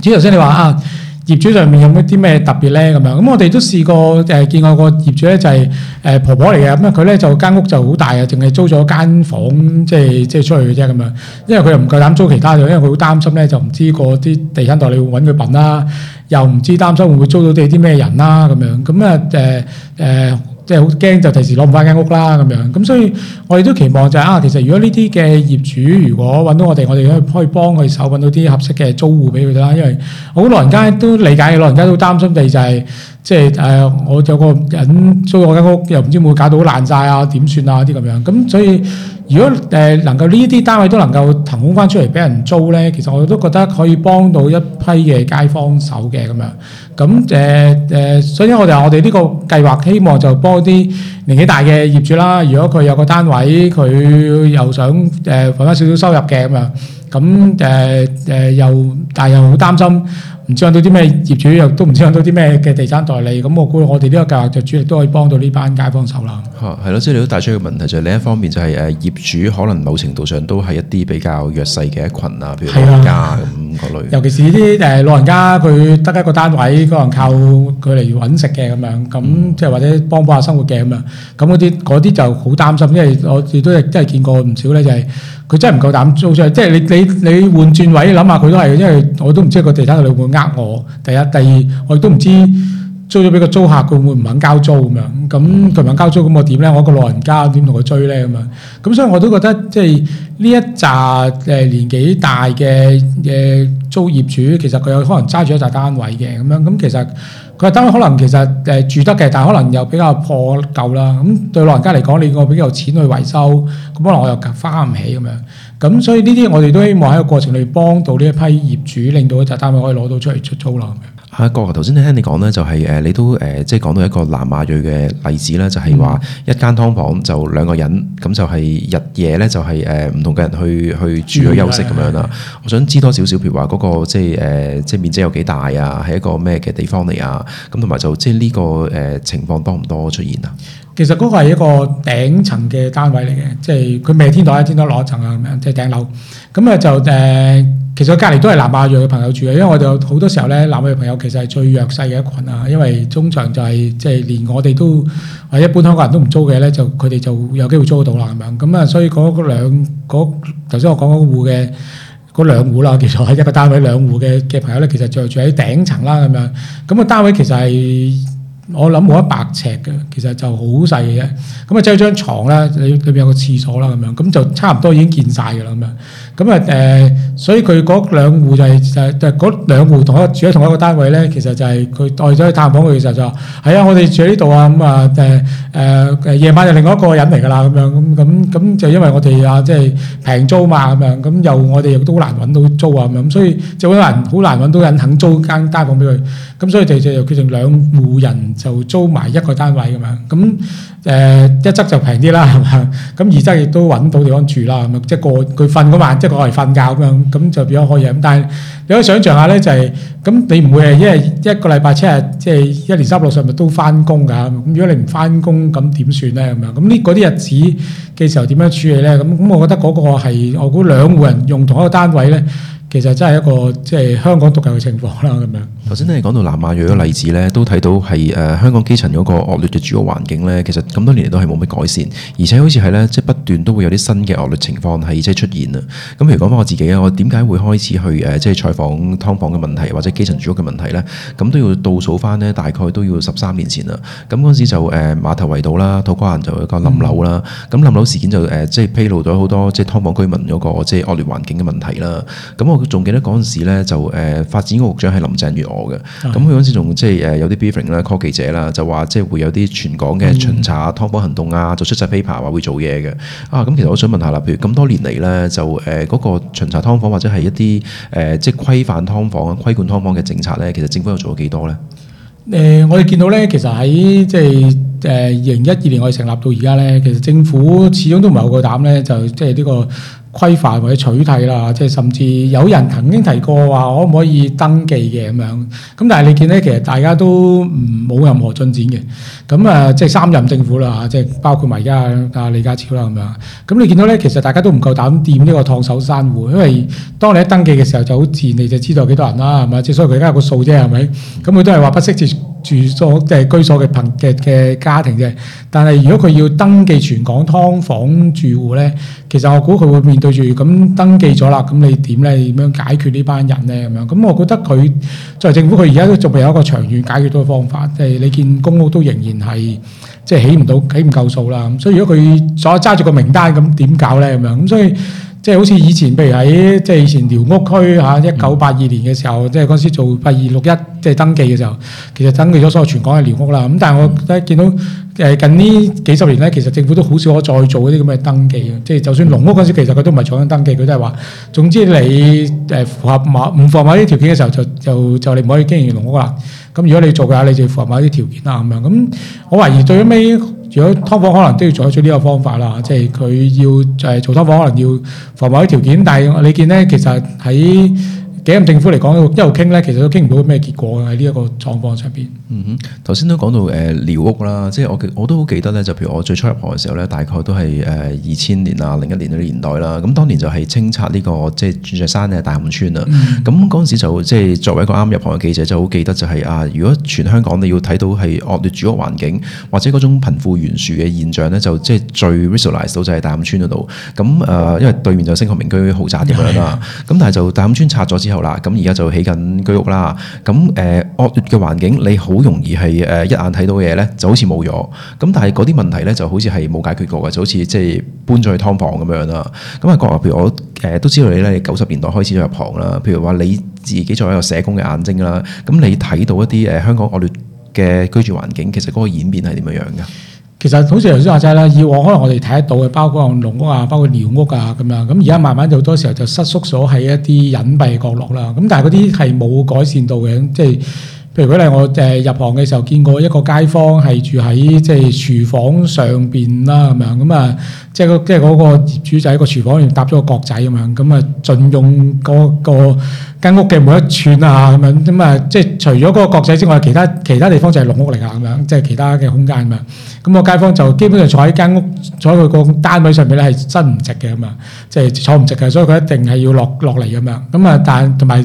誒，先頭先你話啊，業主上面有冇啲咩特別咧咁樣？咁我哋都試過誒、呃、見過個業主咧，就係、是、誒、呃、婆婆嚟嘅。咁啊佢咧就間屋就好大呀，淨係租咗間房，即係即係出去嘅啫咁樣。因為佢又唔夠膽租其他嘅。因為佢好擔心咧，就唔知嗰啲地產代理會搵佢笨啦，又唔知擔心會唔會租到啲啲咩人啦咁樣。咁啊誒誒。即係好驚，就第時攞唔翻間屋啦咁樣。咁所以我哋都期望就係、啊，其實如果呢啲嘅業主如果揾到我哋，我哋可以可以幫佢手揾到啲合適嘅租戶俾佢啦。因為好老人家都理解，嘅，老人家都擔心地就係、是、即係誒、呃，我有個人租我間屋，又唔知會唔會搞到爛晒啊點算啊啲咁樣。咁所以如果誒、呃、能夠呢啲單位都能夠騰空翻出嚟俾人租咧，其實我都覺得可以幫到一批嘅街坊手嘅咁樣。咁誒誒，所以、呃、我哋話我哋呢個計劃希望就幫啲年紀大嘅業主啦。如果佢有個單位，佢又想誒揾翻少少收入嘅咁啊，咁誒誒又，但係又好擔心唔知揾到啲咩業主，又都唔知揾到啲咩嘅地產代理。咁我估我哋呢個計劃就主力都可以幫到呢班街坊手啦。嚇，係咯，即係你都帶出一個問題、就係，就係另一方面就係、係、誒業主可能某程度上都係一啲比較弱勢嘅一群啊，譬如老人家咁。尤其是啲誒老人家，佢得一個單位，可能靠佢嚟揾食嘅咁樣，咁即係或者幫補下生活嘅咁樣，咁嗰啲啲就好擔心，因為我亦都真係見過唔少咧，就係、係、佢真係唔夠膽租出去。即係你你你換轉位諗下，佢都係，因為我都唔知個地產佬會唔會呃我，第一第二我亦都唔知，租咗俾個租客，佢會唔肯交租咁樣？咁佢唔肯交租咁我點咧？我個老人家點同佢追咧咁啊？咁所以我都覺得即係呢一紮誒年紀大嘅嘅租業主，其實佢有可能揸住一紮單位嘅咁樣。咁其實佢單位可能其實誒住得嘅，但係可能又比較破舊啦。咁對老人家嚟講，你個比較錢去維修，咁可能我又花唔起咁樣。咁所以呢啲我哋都希望喺個過程裏邊幫到呢一批業主，令到一紮單位可以攞到出嚟出租啦。啊，個頭先聽你講咧，就係、是、誒，你都誒，即係講到一個南亞裔嘅例子咧，就係、是、話一間劏房就兩個人，咁就係日夜咧，就係誒唔同嘅人去去住去休息咁樣啦。嗯、我想知多少少，譬如話嗰、那個即係誒，即、呃、係面積有幾大啊？係一個咩嘅地方嚟啊？咁同埋就即係呢個誒情況多唔多出現啊？其實嗰個係一個頂層嘅單位嚟嘅，即係佢未天台，天台攞一層啊咁樣，即係頂樓。咁啊就誒，其實隔離都係南亞裔嘅朋友住嘅，因為我哋好多時候咧，南亞裔朋友其實係最弱勢嘅一群啊，因為中場就係，即係連我哋都一般香港人都唔租嘅咧，就佢哋就有機會租到啦咁樣。咁啊，所以嗰嗰兩嗰頭先我講嗰戶嘅嗰兩戶啦，其實係喺一個單位兩戶嘅嘅朋友咧，其實就住喺頂層啦咁樣。咁個單位其實係。我諗冇一百尺嘅，其實就好細嘅啫。咁啊，即係張床啦，裏裏邊有個廁所啦，咁樣咁就差唔多已經見晒㗎啦，咁樣。咁啊誒，所以佢嗰兩戶就係就係就係嗰兩戶同一住喺同一個單位咧，其實就係佢代咗去探訪佢嘅時候就話：係啊，我哋住喺呢度啊，咁啊誒誒，夜晚就另外一個人嚟㗎啦，咁樣咁咁咁就因為我哋啊即係平租嘛，咁樣咁又我哋亦都好難揾到租啊咁樣，所以就好難好難揾到人肯租間單位俾佢。咁所以哋就決定兩戶人就租埋一個單位咁樣。咁誒一則就平啲啦，係嘛？咁二則亦都揾到地方住啦，咁啊即係過佢瞓㗎嘛，即係。過嚟瞓覺咁樣，咁就變咗可以咁。但係你可以想象下咧、就是，就係咁你唔會係因為一個禮拜、七日即係一年三六十日都翻工㗎。咁如果你唔翻工，咁點算咧？咁樣咁呢嗰啲日子嘅時候點樣處理咧？咁咁，我覺得嗰個係我估兩戶人用同一個單位咧，其實真係一個即係、就是、香港獨有嘅情況啦。咁樣。頭先都講到南亞裔嘅例子呢，都睇到係誒、呃、香港基層嗰個惡劣嘅住屋環境呢，其實咁多年嚟都係冇乜改善，而且好似係呢，即、就、係、是、不斷都會有啲新嘅惡劣情況係即係出現啊！咁譬如講翻我自己啊，我點解會開始去誒即係採訪劏房嘅問題或者基層住屋嘅問題呢？咁都要倒數翻呢，大概都要十三年前啦。咁嗰陣時就誒馬、呃、頭圍道啦，土瓜灣就有一個冧樓啦。咁冧樓事件就誒即係披露咗好多即係劏房居民嗰個即係惡劣環境嘅問題啦。咁我仲記得嗰陣時咧就誒、呃、發展局局長係林鄭月嘅，咁佢嗰陣時仲即係誒有啲 briefing 啦，call 記者啦，就話即係會有啲全港嘅巡查劏房行動啊，做、嗯、出晒 paper 話會做嘢嘅。啊，咁其實我想問下啦，譬如咁多年嚟咧，就誒嗰、呃那個巡查㓥房或者係一啲誒、呃、即係規範劏房啊、規管劏房嘅政策咧，其實政府又做咗幾多咧？誒、呃，我哋見到咧，其實喺即係誒二零一二年我哋成立到而家咧，其實政府始終都唔係好夠膽咧，就即係呢個。規範或者取締啦，即係甚至有人曾經提過話，可唔可以登記嘅咁樣？咁但係你見咧，其實大家都唔冇任何進展嘅。咁啊，即係三任政府啦，即係包括埋而家啊李家超啦咁樣。咁你見到咧，其實大家都唔夠膽掂呢個燙手山芋，因為當你一登記嘅時候就好自然你就知道幾多人啦，係嘛？即係所以佢而家有個數啫，係咪？咁佢都係話不適切。住所即係居所嘅貧嘅嘅家庭啫。但係如果佢要登記全港劏房住戶咧，其實我估佢會面對住咁登記咗啦。咁你點咧？點樣解決呢班人咧？咁樣咁，我覺得佢作為政府，佢而家都仲未有一個長遠解決到嘅方法。即係你見公屋都仍然係即係起唔到，起唔夠數啦。咁所以如果佢再揸住個名單咁點搞咧？咁樣咁所以。即係好似以前，譬如喺即係以前寮屋區嚇，一九八二年嘅時候，即係嗰陣時做八二六一，即係登記嘅時候，其實登記咗所有全港嘅寮屋啦。咁但係我咧見到誒近呢幾十年咧，其實政府都好少可再做嗰啲咁嘅登記嘅。即係就算農屋嗰陣時，其實佢都唔係做緊登記，佢都係話總之你誒符合某唔符合某啲條件嘅時候，就就就你唔可以經營農屋啦。咁如果你做嘅話，你就符合某啲條件啦咁樣。咁我懷疑最尾。如果劏房可能都要採取呢個方法啦，即係佢要誒做劏房可能要符合啲條件，但係你見咧，其實喺。政府嚟講一路傾咧，其實都傾唔到咩結果喺呢一個狀況上邊。嗯哼，頭先都講到誒、呃、寮屋啦，即係我我都好記得咧，就譬如我最初入行嘅時候咧，大概都係誒二千年啊零一年嘅年代啦。咁當年就係清拆呢、這個即係鑽石山嘅大磡村啊。咁嗰陣時就即係作為一個啱入行嘅記者，就好記得就係、是、啊，如果全香港你要睇到係惡劣住屋環境或者嗰種貧富懸殊嘅現象咧，就即係最 visualised 到就係、是、大磡村嗰度。咁誒、呃，因為對面就星河名居豪宅點樣啦。咁的但係就大磡村拆咗之後，啦，咁而家就起緊居屋啦，咁誒惡劣嘅環境，你好容易係誒一眼睇到嘢咧，就好似冇咗，咁但係嗰啲問題咧，就好似係冇解決過嘅，就好似即係搬咗去劏房咁樣啦。咁阿國啊，譬如我誒、呃、都知道你咧，九十年代開始咗入行啦，譬如話你自己作為一個社工嘅眼睛啦，咁你睇到一啲誒香港惡劣嘅居住環境，其實嗰個演變係點樣樣嘅？其實好似頭先話齋啦，以往可能我哋睇得到嘅，包括籠屋啊，包括寮屋啊咁樣，咁而家慢慢就好多時候就失縮咗喺一啲隱蔽角落啦。咁但係嗰啲係冇改善到嘅，即係。譬如講咧，我誒入行嘅時候見過一個街坊係住喺即係廚房上邊啦咁樣，咁啊即係即係嗰個業主就喺個廚房入面搭咗個閣仔咁樣，咁啊盡用嗰個間屋嘅每一寸啊咁樣，咁啊即係除咗嗰個閣仔之外，其他其他地方就係籠屋嚟啊咁樣，即係其他嘅空間咁嘛。咁個街坊就基本上坐喺間屋，坐喺佢個單位上邊咧係真唔直嘅咁嘛，即係坐唔直嘅，所以佢一定係要落落嚟咁樣。咁啊，但係同埋。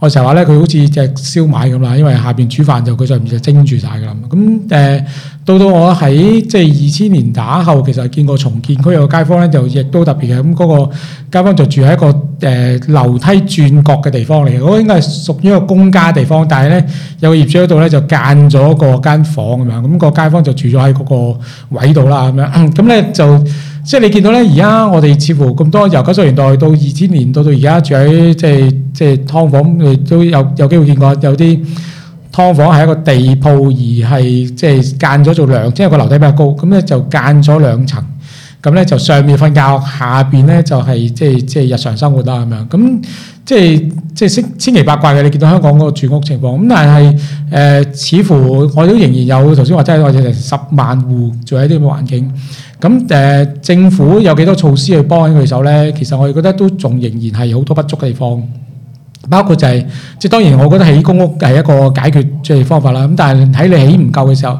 我成日話咧，佢好似隻燒賣咁啦，因為下面煮飯就佢上邊就蒸住晒㗎啦。咁誒到到我喺即係二千年打後，其實見過重建區有個街坊咧，就亦都特別嘅。咁、嗯、嗰、嗰個街坊就住喺一個誒、呃、樓梯轉角嘅地方嚟，我應該係屬於一個公家地方，但係咧有個業主喺度咧就間咗個間房咁樣，咁、嗯嗰個街坊就住咗喺嗰個位度啦。咁樣咁咧就。即係你見到咧，而家我哋似乎咁多由九十年代到二千年，到到而家住喺即係即係劏房，你都有有機會見過，有啲劏房係一個地鋪而係即係間咗做兩，即係個樓底比較高，咁咧就間咗兩層，咁咧就上面瞓覺，下邊咧就係、是、即係即係日常生活啦咁樣。咁、就是、即係即係識千奇百怪嘅，你見到香港嗰個住屋情況。咁但係誒、呃，似乎我都仍然有頭先話齋，即係我哋十萬戶住喺啲咁嘅環境。咁誒、呃，政府有幾多措施去幫緊佢手咧？其實我哋覺得都仲仍然係好多不足嘅地方，包括就係、是、即係當然，我覺得起公屋係一個解決即係方法啦。咁但係喺你起唔夠嘅時候。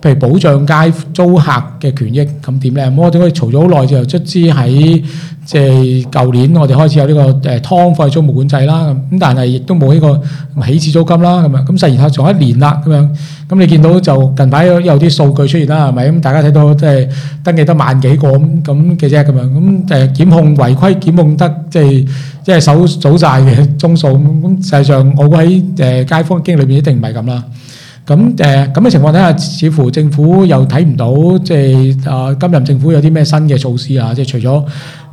譬如保障街租客嘅權益，咁點咧？咁我哋可以嘈咗好耐，之後卒之喺即係舊年，我哋開始有呢個誒劏房租務管制啦。咁但係亦都冇呢個起始租金啦。咁啊，咁實然後仲有一年啦。咁樣，咁你見到就近排有啲數據出現啦，係咪？咁大家睇到即係登記得萬幾個咁咁嘅啫。咁樣，咁誒檢控違規檢控得即係即係手早曬嘅宗數。咁實際上我估喺誒街坊嘅經歷入邊一定唔係咁啦。咁誒咁嘅情況底下，似乎政府又睇唔到即係啊，今日政府有啲咩新嘅措施啊？即係除咗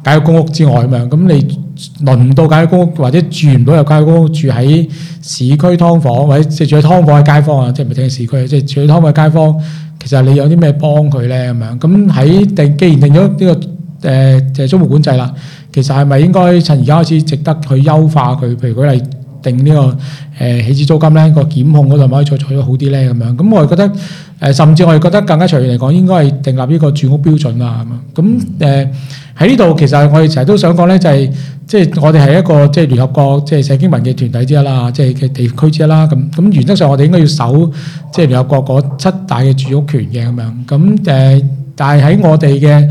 解決公屋之外咁樣，咁你輪唔到解決公屋，或者住唔到入解決公屋，住喺市區劏房或者住喺劏房嘅街坊啊，即係唔係淨係市區？即係住喺劏房嘅街坊，其實你有啲咩幫佢咧？咁樣咁喺定，既然定咗呢、這個誒就租務管制啦，其實係咪應該趁而家開始值得去優化佢？譬如佢係。定呢個誒起始租金咧，個檢控嗰度可唔可以做做得好啲咧？咁樣咁我哋覺得誒，甚至我哋覺得更加長遠嚟講，應該係訂立呢個住屋標準啦。咁樣咁誒喺呢度其實我哋成日都想講咧、就是，就係即係我哋係一個即係、就是、聯合國即係、就是、社經文嘅團體之一啦，即係嘅地區之一啦。咁咁原則上我哋應該要守即係、就是、聯合國嗰七大嘅住屋權嘅咁樣咁誒，但係喺我哋嘅。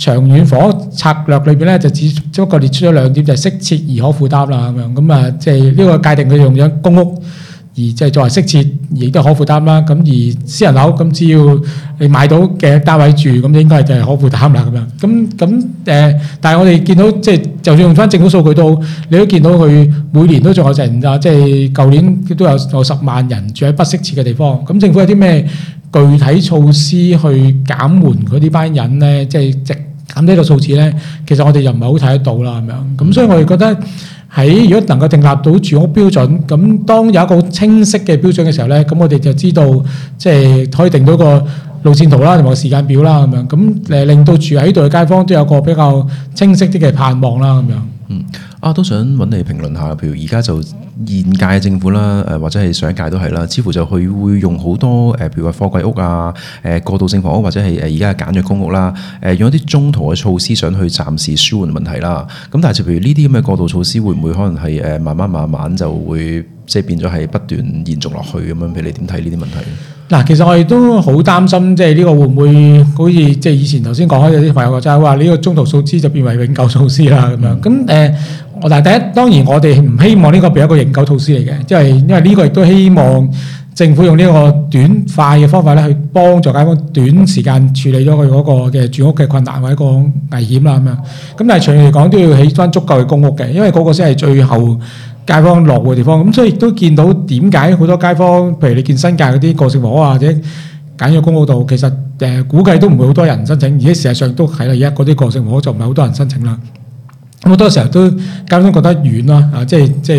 長遠房策略裏邊咧，就只只不過列出咗兩點，就係適切而可負擔啦。咁樣咁啊，即係呢個界定佢用咗公屋，而即係作為適切，亦都可負擔啦。咁而私人樓咁，只要你買到嘅單位住，咁應該就係可負擔啦。咁樣咁咁誒，但係我哋見到即係就算用翻政府數據都好，你都見到佢每年都仲有成啊，即係舊年都有有十萬人住喺不適切嘅地方。咁政府有啲咩具體措施去減緩佢呢班人咧？即係即咁呢個數字咧，其實我哋又唔係好睇得到啦，咁樣、嗯。咁所以我哋覺得喺如果能夠定立到住屋標準，咁當有一個清晰嘅標準嘅時候咧，咁我哋就知道即係可以定到個路線圖啦，同埋個時間表啦，咁樣。咁誒令到住喺度嘅街坊都有個比較清晰啲嘅盼望啦，咁樣。嗯。啊，都想揾你評論下，譬如而家就現屆政府啦、呃，或者係上一屆都係啦，似乎就佢會用好多誒，譬如話貨櫃屋啊，誒、呃、過渡性房屋或者係誒而家嘅簡約公屋啦，誒、呃、用一啲中途嘅措施，想去暫時舒緩問題啦。咁、呃、但係就譬如呢啲咁嘅過渡措施，會唔會可能係誒慢慢慢慢就會？即係變咗係不斷延續落去咁樣，譬如你點睇呢啲問題？嗱，其實我亦都好擔心，即係呢個會唔會好似即係以前頭先講開有啲朋友講就係話呢個中途措施就變為永久措施啦咁、嗯、樣。咁誒，我但係第一當然我哋唔希望呢個變一個永久措施嚟嘅，即係因為呢個亦都希望政府用呢個短快嘅方法咧，去幫助街坊短時間處理咗佢嗰個嘅住屋嘅困難或者一個危險啦咁樣。咁但係長期嚟講都要起翻足夠嘅公屋嘅，因為嗰個先係最後。街坊落嘅地方，咁所以亦都見到點解好多街坊，譬如你見新界嗰啲個性房屋啊或者簡約公屋度，其實誒估計都唔會好多人申請，而且事實上都係啦，而家啲個性房屋就唔係好多人申請啦。咁好多時候都街坊都覺得遠啦，啊即係即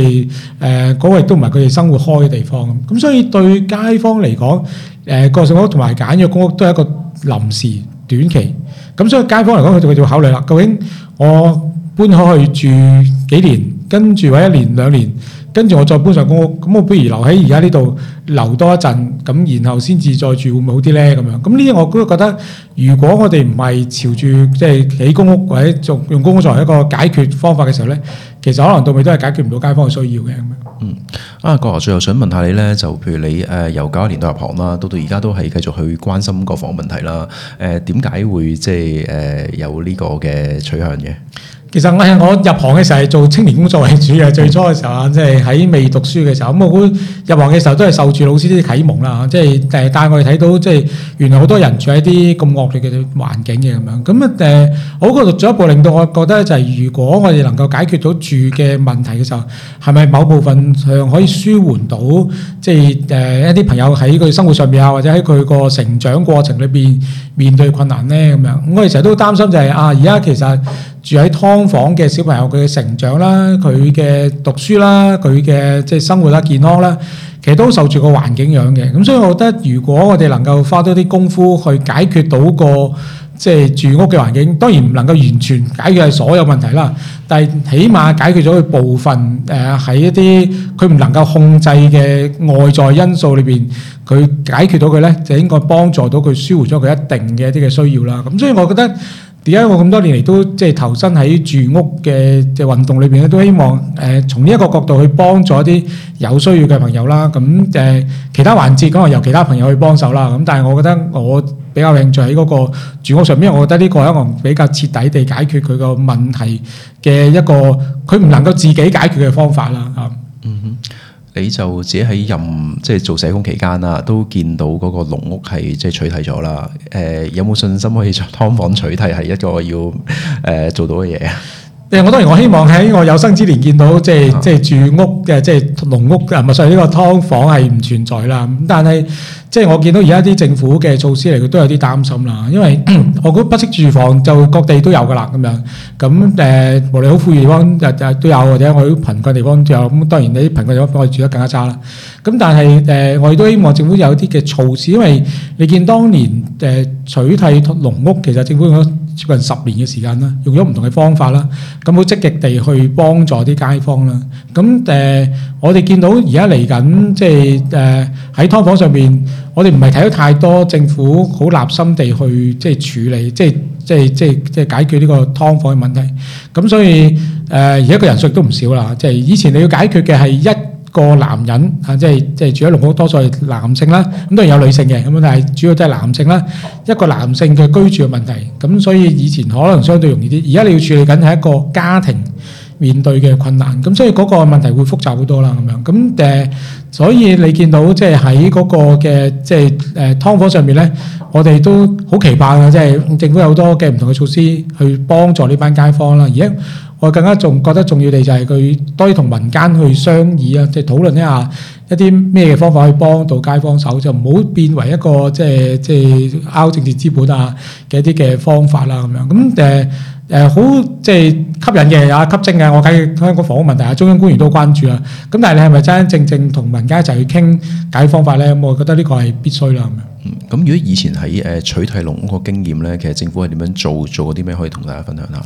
係誒嗰個亦都唔係佢哋生活開嘅地方，咁所以對街坊嚟講，誒個性房屋同埋簡約公屋都係一個臨時短期，咁所以街坊嚟講佢就會考慮啦。究竟我搬開去住幾年？跟住或一年兩年，跟住我再搬上公屋，咁我不如留喺而家呢度留多一陣，咁然後先至再住會唔會好啲咧？咁樣，咁呢啲我都覺得，如果我哋唔係朝住即係起公屋或者用用公屋作為一個解決方法嘅時候咧，其實可能到尾都係解決唔到街坊嘅需要嘅。嗯，啊，國華，最後想問下你咧，就譬如你誒、呃、由九一年到入行啦，到到而家都係繼續去關心個房問題啦。誒點解會即係誒有呢個嘅取向嘅？其實我係我入行嘅時候係做青年工作為主嘅。最初嘅時候，即係喺未讀書嘅時候咁。我入行嘅時候都係受住老師啲啟蒙啦，即係誒帶我哋睇到即係原來好多人住喺啲咁惡劣嘅環境嘅咁樣。咁啊誒，我覺得進一,一步令到我覺得就係，如果我哋能夠解決到住嘅問題嘅時候，係咪某部分上可以舒緩到即係誒一啲朋友喺佢生活上面啊，或者喺佢個成長過程裏邊面，面對困難呢？咁樣？我哋成日都擔心就係、是、啊，而家其實。住喺劏房嘅小朋友佢嘅成長啦，佢嘅讀書啦，佢嘅即係生活啦、健康啦，其實都受住個環境影響嘅。咁所以，我覺得如果我哋能夠花多啲功夫去解決到個即係住屋嘅環境，當然唔能夠完全解決係所有問題啦。但係起碼解決咗佢部分誒喺、呃、一啲佢唔能夠控制嘅外在因素裏邊，佢解決到佢咧，就應該幫助到佢舒緩咗佢一定嘅一啲嘅需要啦。咁所以，我覺得。點解我咁多年嚟都即係投身喺住屋嘅即運動裏邊咧？都希望誒、呃、從呢一個角度去幫助一啲有需要嘅朋友啦。咁誒、呃、其他環節可能由其他朋友去幫手啦。咁但係我覺得我比較興趣喺嗰個住屋上面，因為我覺得呢個係一個比較徹底地解決佢個問題嘅一個，佢唔能夠自己解決嘅方法啦。嚇、啊，嗯哼。你就自己喺任即係、就是，做社工期間啦，都見到嗰個籠屋係即係取締咗啦。誒、呃，有冇信心可以做劏房取締係一個要誒、呃、做到嘅嘢啊？誒，我當然我希望喺我有生之年見到、就是，即係即係住屋嘅、即係籠屋嘅。唔係上呢個劏房係唔存在啦。咁但係。即係我見到而家啲政府嘅措施嚟，佢都有啲擔心啦。因為 *coughs* 我估不適住房就各地都有㗎啦，咁樣咁誒、呃，無論好富裕地方就就都有，或者我啲貧困地方都有。咁當然你貧困地方可以住得更加差啦。咁但係誒、呃，我亦都希望政府有啲嘅措施，因為你見當年誒、呃、取締農屋，其實政府用咗接近十年嘅時間啦，用咗唔同嘅方法啦，咁好積極地去幫助啲街坊啦。咁誒、呃，我哋見到而家嚟緊即係誒喺劏房上面。我哋唔係睇到太多政府好立心地去即係處理，即係即係即係即係解決呢個劏房嘅問題。咁所以誒而家個人數都唔少啦。即係以前你要解決嘅係一個男人嚇、啊，即係即係住喺籠屋多數係男性啦。咁當然有女性嘅，咁但係主要都係男性啦。一個男性嘅居住嘅問題，咁所以以前可能相對容易啲。而家你要處理緊係一個家庭面對嘅困難，咁所以嗰個問題會複雜好多啦。咁樣咁誒。所以你見到即係喺嗰個嘅即係誒劏房上面咧，我哋都好期盼啊！即係政府有好多嘅唔同嘅措施去幫助呢班街坊啦。而家我更加仲覺得重要嘅就係佢多啲同民間去商議啊，即係討論一下一啲咩嘅方法去幫到街坊手，就唔好變為一個即係即係拗政治資本啊嘅一啲嘅方法啦，咁樣咁誒。誒好即係吸引嘅，有吸睛嘅。我睇香港房屋問題啊，中央官員都關注啊。咁但係你係咪真真正正同民間一齊去傾解決方法咧？咁我覺得呢個係必須啦。是是嗯，咁如果以前喺誒取締籠嗰個經驗咧，其實政府係點樣做？做過啲咩可以同大家分享下？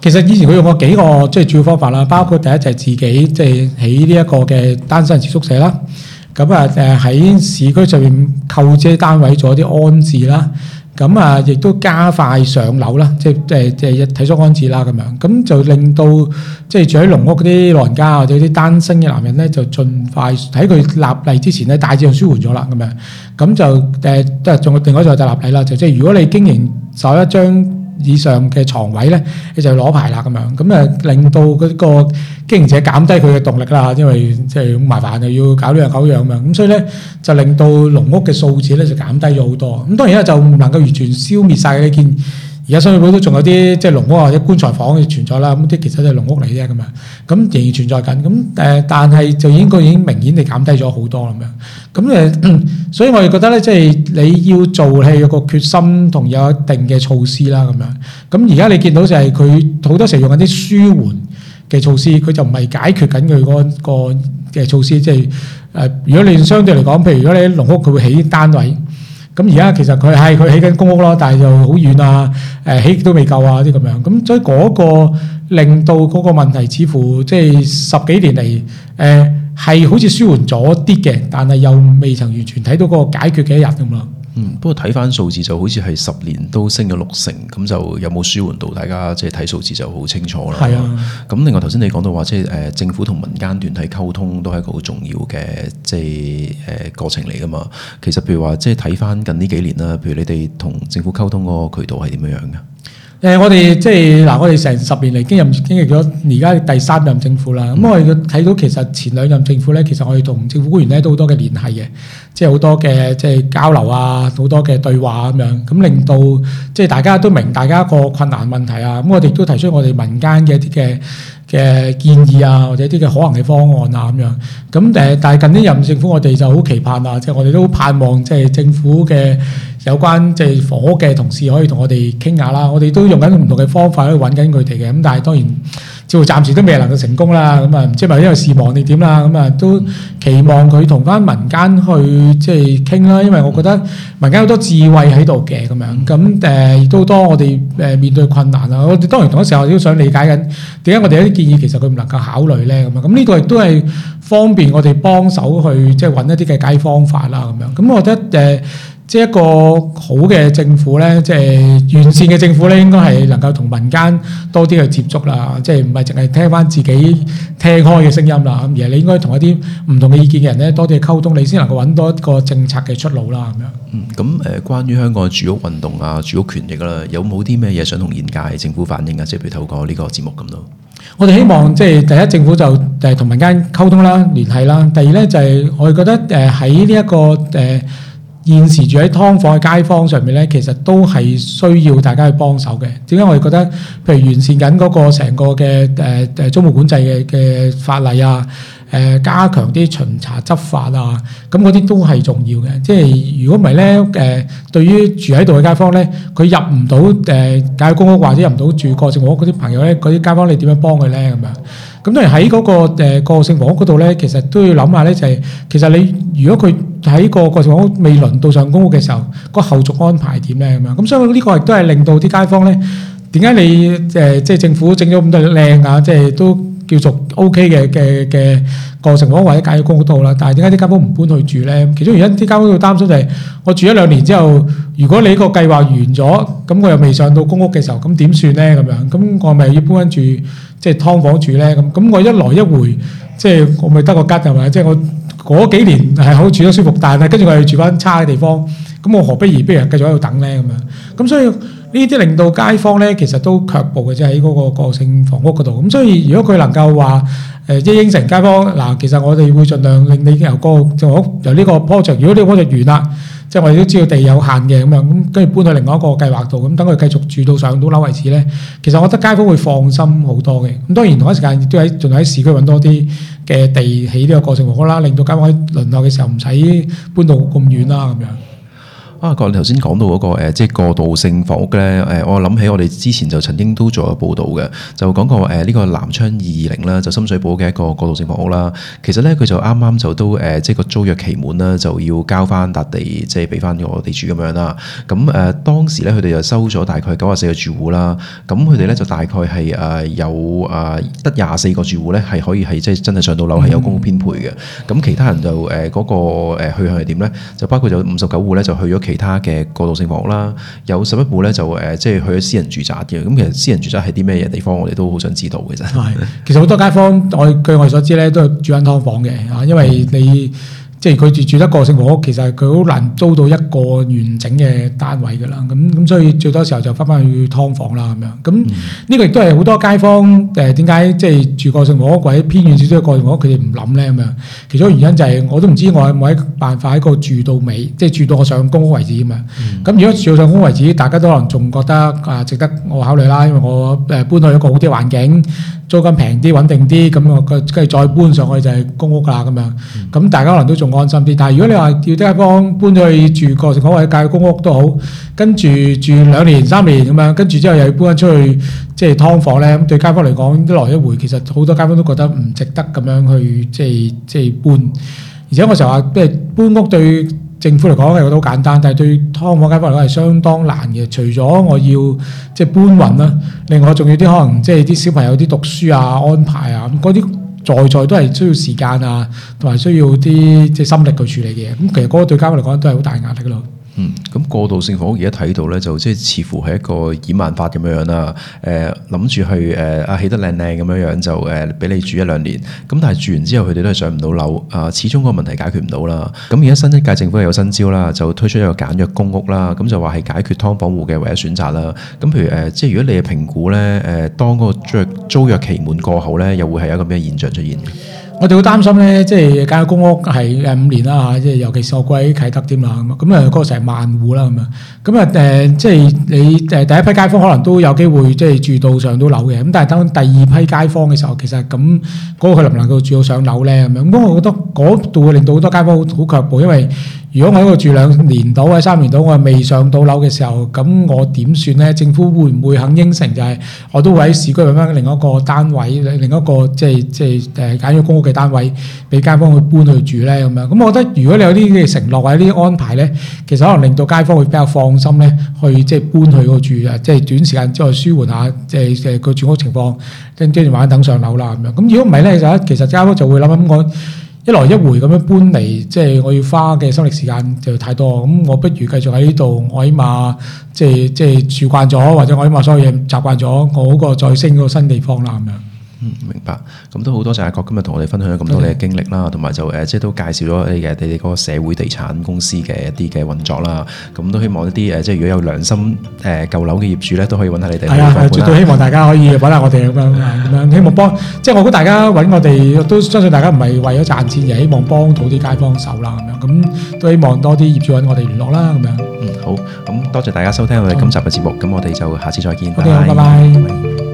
其實以前佢用過幾個即係主要方法啦，包括第一就係自己即係起呢一個嘅單身人士宿舍啦。咁啊誒喺市區上面購置單位做一啲安置啦。咁啊，亦都加快上樓啦，即係即係體恤安置啦咁樣，咁就令到即係住喺籠屋嗰啲老人家或者啲單身嘅男人咧，就盡快喺佢立例之前咧，大致上舒緩咗啦咁樣，咁就誒係仲有另外一個就係立例啦，就即係如果你經營首一張。以上嘅床位咧，你就攞牌啦咁樣，咁啊令到嗰個經營者減低佢嘅動力啦，因為即係好麻煩又要搞呢樣搞嗰樣咁，所以咧就令到農屋嘅數字咧就減低咗好多。咁當然咧，就唔能夠完全消滅晒呢件。而家社會都仲有啲即係籠屋或者棺材房存在啦，咁啲其實都係籠屋嚟啫咁樣，咁仍然存在緊，咁誒，但係就應該已經明顯地減低咗好多咁樣，咁誒，所以我亦覺得咧，即係你要做係有個決心同有一定嘅措施啦，咁樣。咁而家你見到就係佢好多時用緊啲舒緩嘅措施，佢就唔係解決緊佢嗰個嘅措施，即係誒。如果你相對嚟講，譬如如果你啲籠屋佢會起單位。咁而家其實佢係佢起緊公屋咯，但係就好遠啊，誒起都未夠啊啲咁樣，咁所以嗰個令到嗰個問題似乎即係、就是、十幾年嚟誒係好似舒緩咗啲嘅，但係又未曾完全睇到嗰個解決嘅一日咁咯。嗯、不過睇翻數字就好似係十年都升咗六成，咁就有冇舒緩到？大家即係睇數字就好清楚啦。係是啊，咁另外頭先你講到話，即係誒政府同民間團體溝通都係一個好重要嘅即係誒過程嚟噶嘛。其實譬如話，即係睇翻近呢幾年啦，譬如你哋同政府溝通嗰個渠道係點樣樣嘅？誒、呃，我哋即係嗱，我哋成十年嚟經任經歷咗而家第三任政府啦。咁、嗯、我哋睇到其實前兩任政府咧，其實我哋同政府官員咧都好多嘅聯繫嘅。即係好多嘅即係交流啊，好多嘅對話咁樣，咁令到即係大家都明大家個困難問題啊，咁我哋都提出我哋民間嘅一啲嘅嘅建議啊，或者啲嘅可能嘅方案啊咁樣，咁誒，但係近呢任政府我哋就好期盼啊，即係我哋都盼望即係政府嘅。有關即係房屋嘅同事可以同我哋傾下啦。我哋都用緊唔同嘅方法去揾緊佢哋嘅咁，但係當然似乎暫時都未能夠成功啦。咁啊，唔知係咪因為事忙定點啦？咁啊，都期望佢同翻民間去即係傾啦。因為我覺得民間好多智慧喺度嘅，咁樣，咁亦都多我哋誒面對困難啊。我哋當然同一時候都想理解緊點解我哋一啲建議其實佢唔能夠考慮咧，咁啊。咁呢個亦都係方便我哋幫手去即係揾一啲嘅解決方法啦。咁樣咁，我覺得誒。即係一個好嘅政府咧，即係完善嘅政府咧，應該係能夠同民間多啲去接觸啦。即係唔係淨係聽翻自己聽開嘅聲音啦。咁而係你應該同一啲唔同嘅意見嘅人咧，多啲去溝通，你先能夠揾到一個政策嘅出路啦。咁樣、嗯。咁、嗯、誒、嗯，關於香港嘅住屋運動啊，住屋權益啦，有冇啲咩嘢想同現屆政府反映啊？即係譬如透過呢個節目咁囉。我哋希望即係第一，政府就誒同民間溝通啦、聯繫啦。第二咧就係我哋覺得誒喺呢一個誒。呃現時住喺劏房嘅街坊上面咧，其實都係需要大家去幫手嘅。點解我哋覺得，譬如完善緊嗰個成個嘅誒誒租務管制嘅嘅法例啊，誒、呃、加強啲巡查執法啊，咁嗰啲都係重要嘅。即係如果唔係咧，誒、呃、對於住喺度嘅街坊咧，佢入唔到誒介公屋或者入唔到住過渡性房屋嗰啲朋友咧，嗰啲街坊你點樣幫佢咧咁樣？咁當然喺嗰、嗰個誒過渡性房屋嗰度咧，其實都要諗下咧、就係，就係其實你如果佢。喺個過渡房屋未輪到上公屋嘅時候，個後續安排點咧咁樣？咁所以呢個亦都係令到啲街坊咧，點解你誒即係政府整咗咁多靚啊，即係都叫做 OK 嘅嘅嘅過渡房屋或者簡約公屋都好啦？但係點解啲街坊唔搬去住咧？其中原因啲街坊要擔心就係我住咗兩年之後，如果你個計劃完咗，咁我又未上到公屋嘅時候，咁點算咧？咁樣咁我咪要搬翻住即係劏房住咧？咁咁我一來一回即係我咪得個吉係咪？即係我。嗰幾年係好住得舒服，但係跟住佢係住翻差嘅地方，咁我何必而不如繼續喺度等咧咁啊？咁所以呢啲令到街坊咧，其實都卻步嘅，即喺嗰個個性房屋嗰度。咁所以如果佢能夠話誒即係應承街坊，嗱其實我哋會盡量令你由個由屋由呢個 project，如果呢個 project 完啦，即係我哋都知道地有限嘅咁樣，咁跟住搬去另外一個計劃度，咁等佢繼續住到上到樓為止咧。其實我覺得街坊會放心好多嘅。咁當然同一時間亦都喺仲喺市區揾多啲。嘅地起呢個過程好啦，令到街坊輪候嘅時候唔使搬到咁遠啦咁樣。啊，剛個頭先講到嗰個即係過渡性房屋咧，誒、呃，我諗起我哋之前就曾經都做過報道嘅，就講過誒呢、呃這個南昌二二零啦，就深水埗嘅一個過渡性房屋啦。其實咧，佢就啱啱就都誒、呃，即係個租約期滿啦，就要交翻笪地，即係俾翻個地主咁樣啦。咁誒、呃、當時咧，佢哋就收咗大概九十四個住戶啦。咁佢哋咧就大概係誒、呃、有誒得廿四個住戶咧，係可以係即係真係上到樓係有公屋編配嘅。咁、嗯、其他人就誒嗰、呃那個去向係點咧？就包括有五十九戶咧，就去咗。其他嘅過渡性房屋啦，有十一部咧就誒，即係去咗私人住宅嘅。咁其實私人住宅係啲咩嘢地方，我哋都好想知道嘅啫。係，其實好多街坊， *laughs* 我據我哋所知咧，都係住緊劏房嘅嚇，因為你。 *laughs* 即係佢住住一個性房屋，其實佢好難租到一個完整嘅單位㗎啦。咁咁所以最多時候就翻翻去劏房啦咁樣。咁呢個亦都係好多街坊，誒，點解即係住個性房屋，或者偏遠少少嘅個性房屋，佢哋唔諗咧咁樣。其中一個原因就係、是、我都唔知我有冇一辦法喺嗰住到尾，即係住到我上公屋為止㗎嘛。咁、嗯、如果住到上公屋為止，大家都可能仲覺得啊值得我考慮啦，因為我誒搬去一個好啲環境。租金平啲穩定啲，咁我佢跟住再搬上去就係公屋啦咁樣，咁、嗯、大家可能都仲安心啲。但係如果你話要街坊搬咗去住個所謂介公屋都好，跟住住兩年三年咁樣，跟住之後又要搬出去即係劏房咧，咁對街坊嚟講一來一回，其實好多街坊都覺得唔值得咁樣去即係即係搬。而且我成日話即係搬屋對。政府嚟講係覺得好簡單，但係對劏房街坊嚟講係相當難嘅。除咗我要即係搬運啦，另外仲要啲可能即係啲小朋友啲讀書啊、安排啊，咁嗰啲在在都係需要時間啊，同埋需要啲即係心力去處理嘅嘢。咁其實嗰個對街坊嚟講都係好大壓力咯。嗯，咁過渡性房屋而家睇到咧，就即係似乎係一個以萬法咁樣樣啦，誒諗住係誒啊起得靚靚咁樣樣就誒俾、呃、你住一兩年，咁但係住完之後佢哋都係上唔到樓啊、呃，始終個問題解決唔到啦。咁而家新一屆政府有新招啦，就推出一個簡約公屋啦，咁就話係解決劏房戶嘅唯一選擇啦。咁譬如誒、呃，即係如果你係評估咧，誒、呃、當嗰個租約期滿過後咧，又會係一個咩現象出現？我哋好擔心咧，即係簡約公屋係誒五年啦嚇，即係尤其是我貴喺啟德添啦，咁啊咁啊嗰個成萬戶啦咁啊，咁啊誒即係你誒第一批街坊可能都有機會即係住到上到樓嘅，咁但係等第二批街坊嘅時候，其實咁嗰、那個佢能唔能夠住到上樓咧咁樣？咁、那個、我覺得嗰度、那個、會令到好多街坊好好卻步，因為如果我喺度住兩年到或者三年到，我未上到樓嘅時候，咁我點算咧？政府會唔會肯應承就係、是、我都會喺市區揾翻另一個單位，另一個即係即係誒簡約公屋？嘅單位俾街坊去搬去住咧咁樣，咁、嗯、我覺得如果你有啲嘅承諾或者啲安排咧，其實可能令到街坊會比較放心咧，去即係搬去嗰度住啊，嗯、即係短時間之後舒緩下，即係佢住屋情況，跟住玩等上樓啦咁樣。咁如果唔係咧就，其實街坊就會諗諗我一來一回咁樣搬嚟，即係我要花嘅心力時間就太多，咁我不如繼續喺呢度，我起碼即係即係住慣咗，或者我起碼所有嘢習慣咗，我好過再升個新地方啦咁樣。明白。咁都好多謝阿國今日同我哋分享咗咁多嘅經歷啦，同埋就誒，即係都介紹咗你哋嗰個社會地產公司嘅一啲嘅運作啦。咁都希望一啲誒，即係如果有良心誒舊樓嘅業主咧，都可以揾下你哋呢啲係啊，絕對希望大家可以揾下我哋咁樣，咁樣希望幫。即係我估大家揾我哋，都相信大家唔係為咗賺錢，而係希望幫到啲街坊手啦。咁樣咁都希望多啲業主揾我哋聯絡啦。咁樣。好。咁多謝大家收聽我哋今集嘅節目。咁我哋就下次再見。拜拜。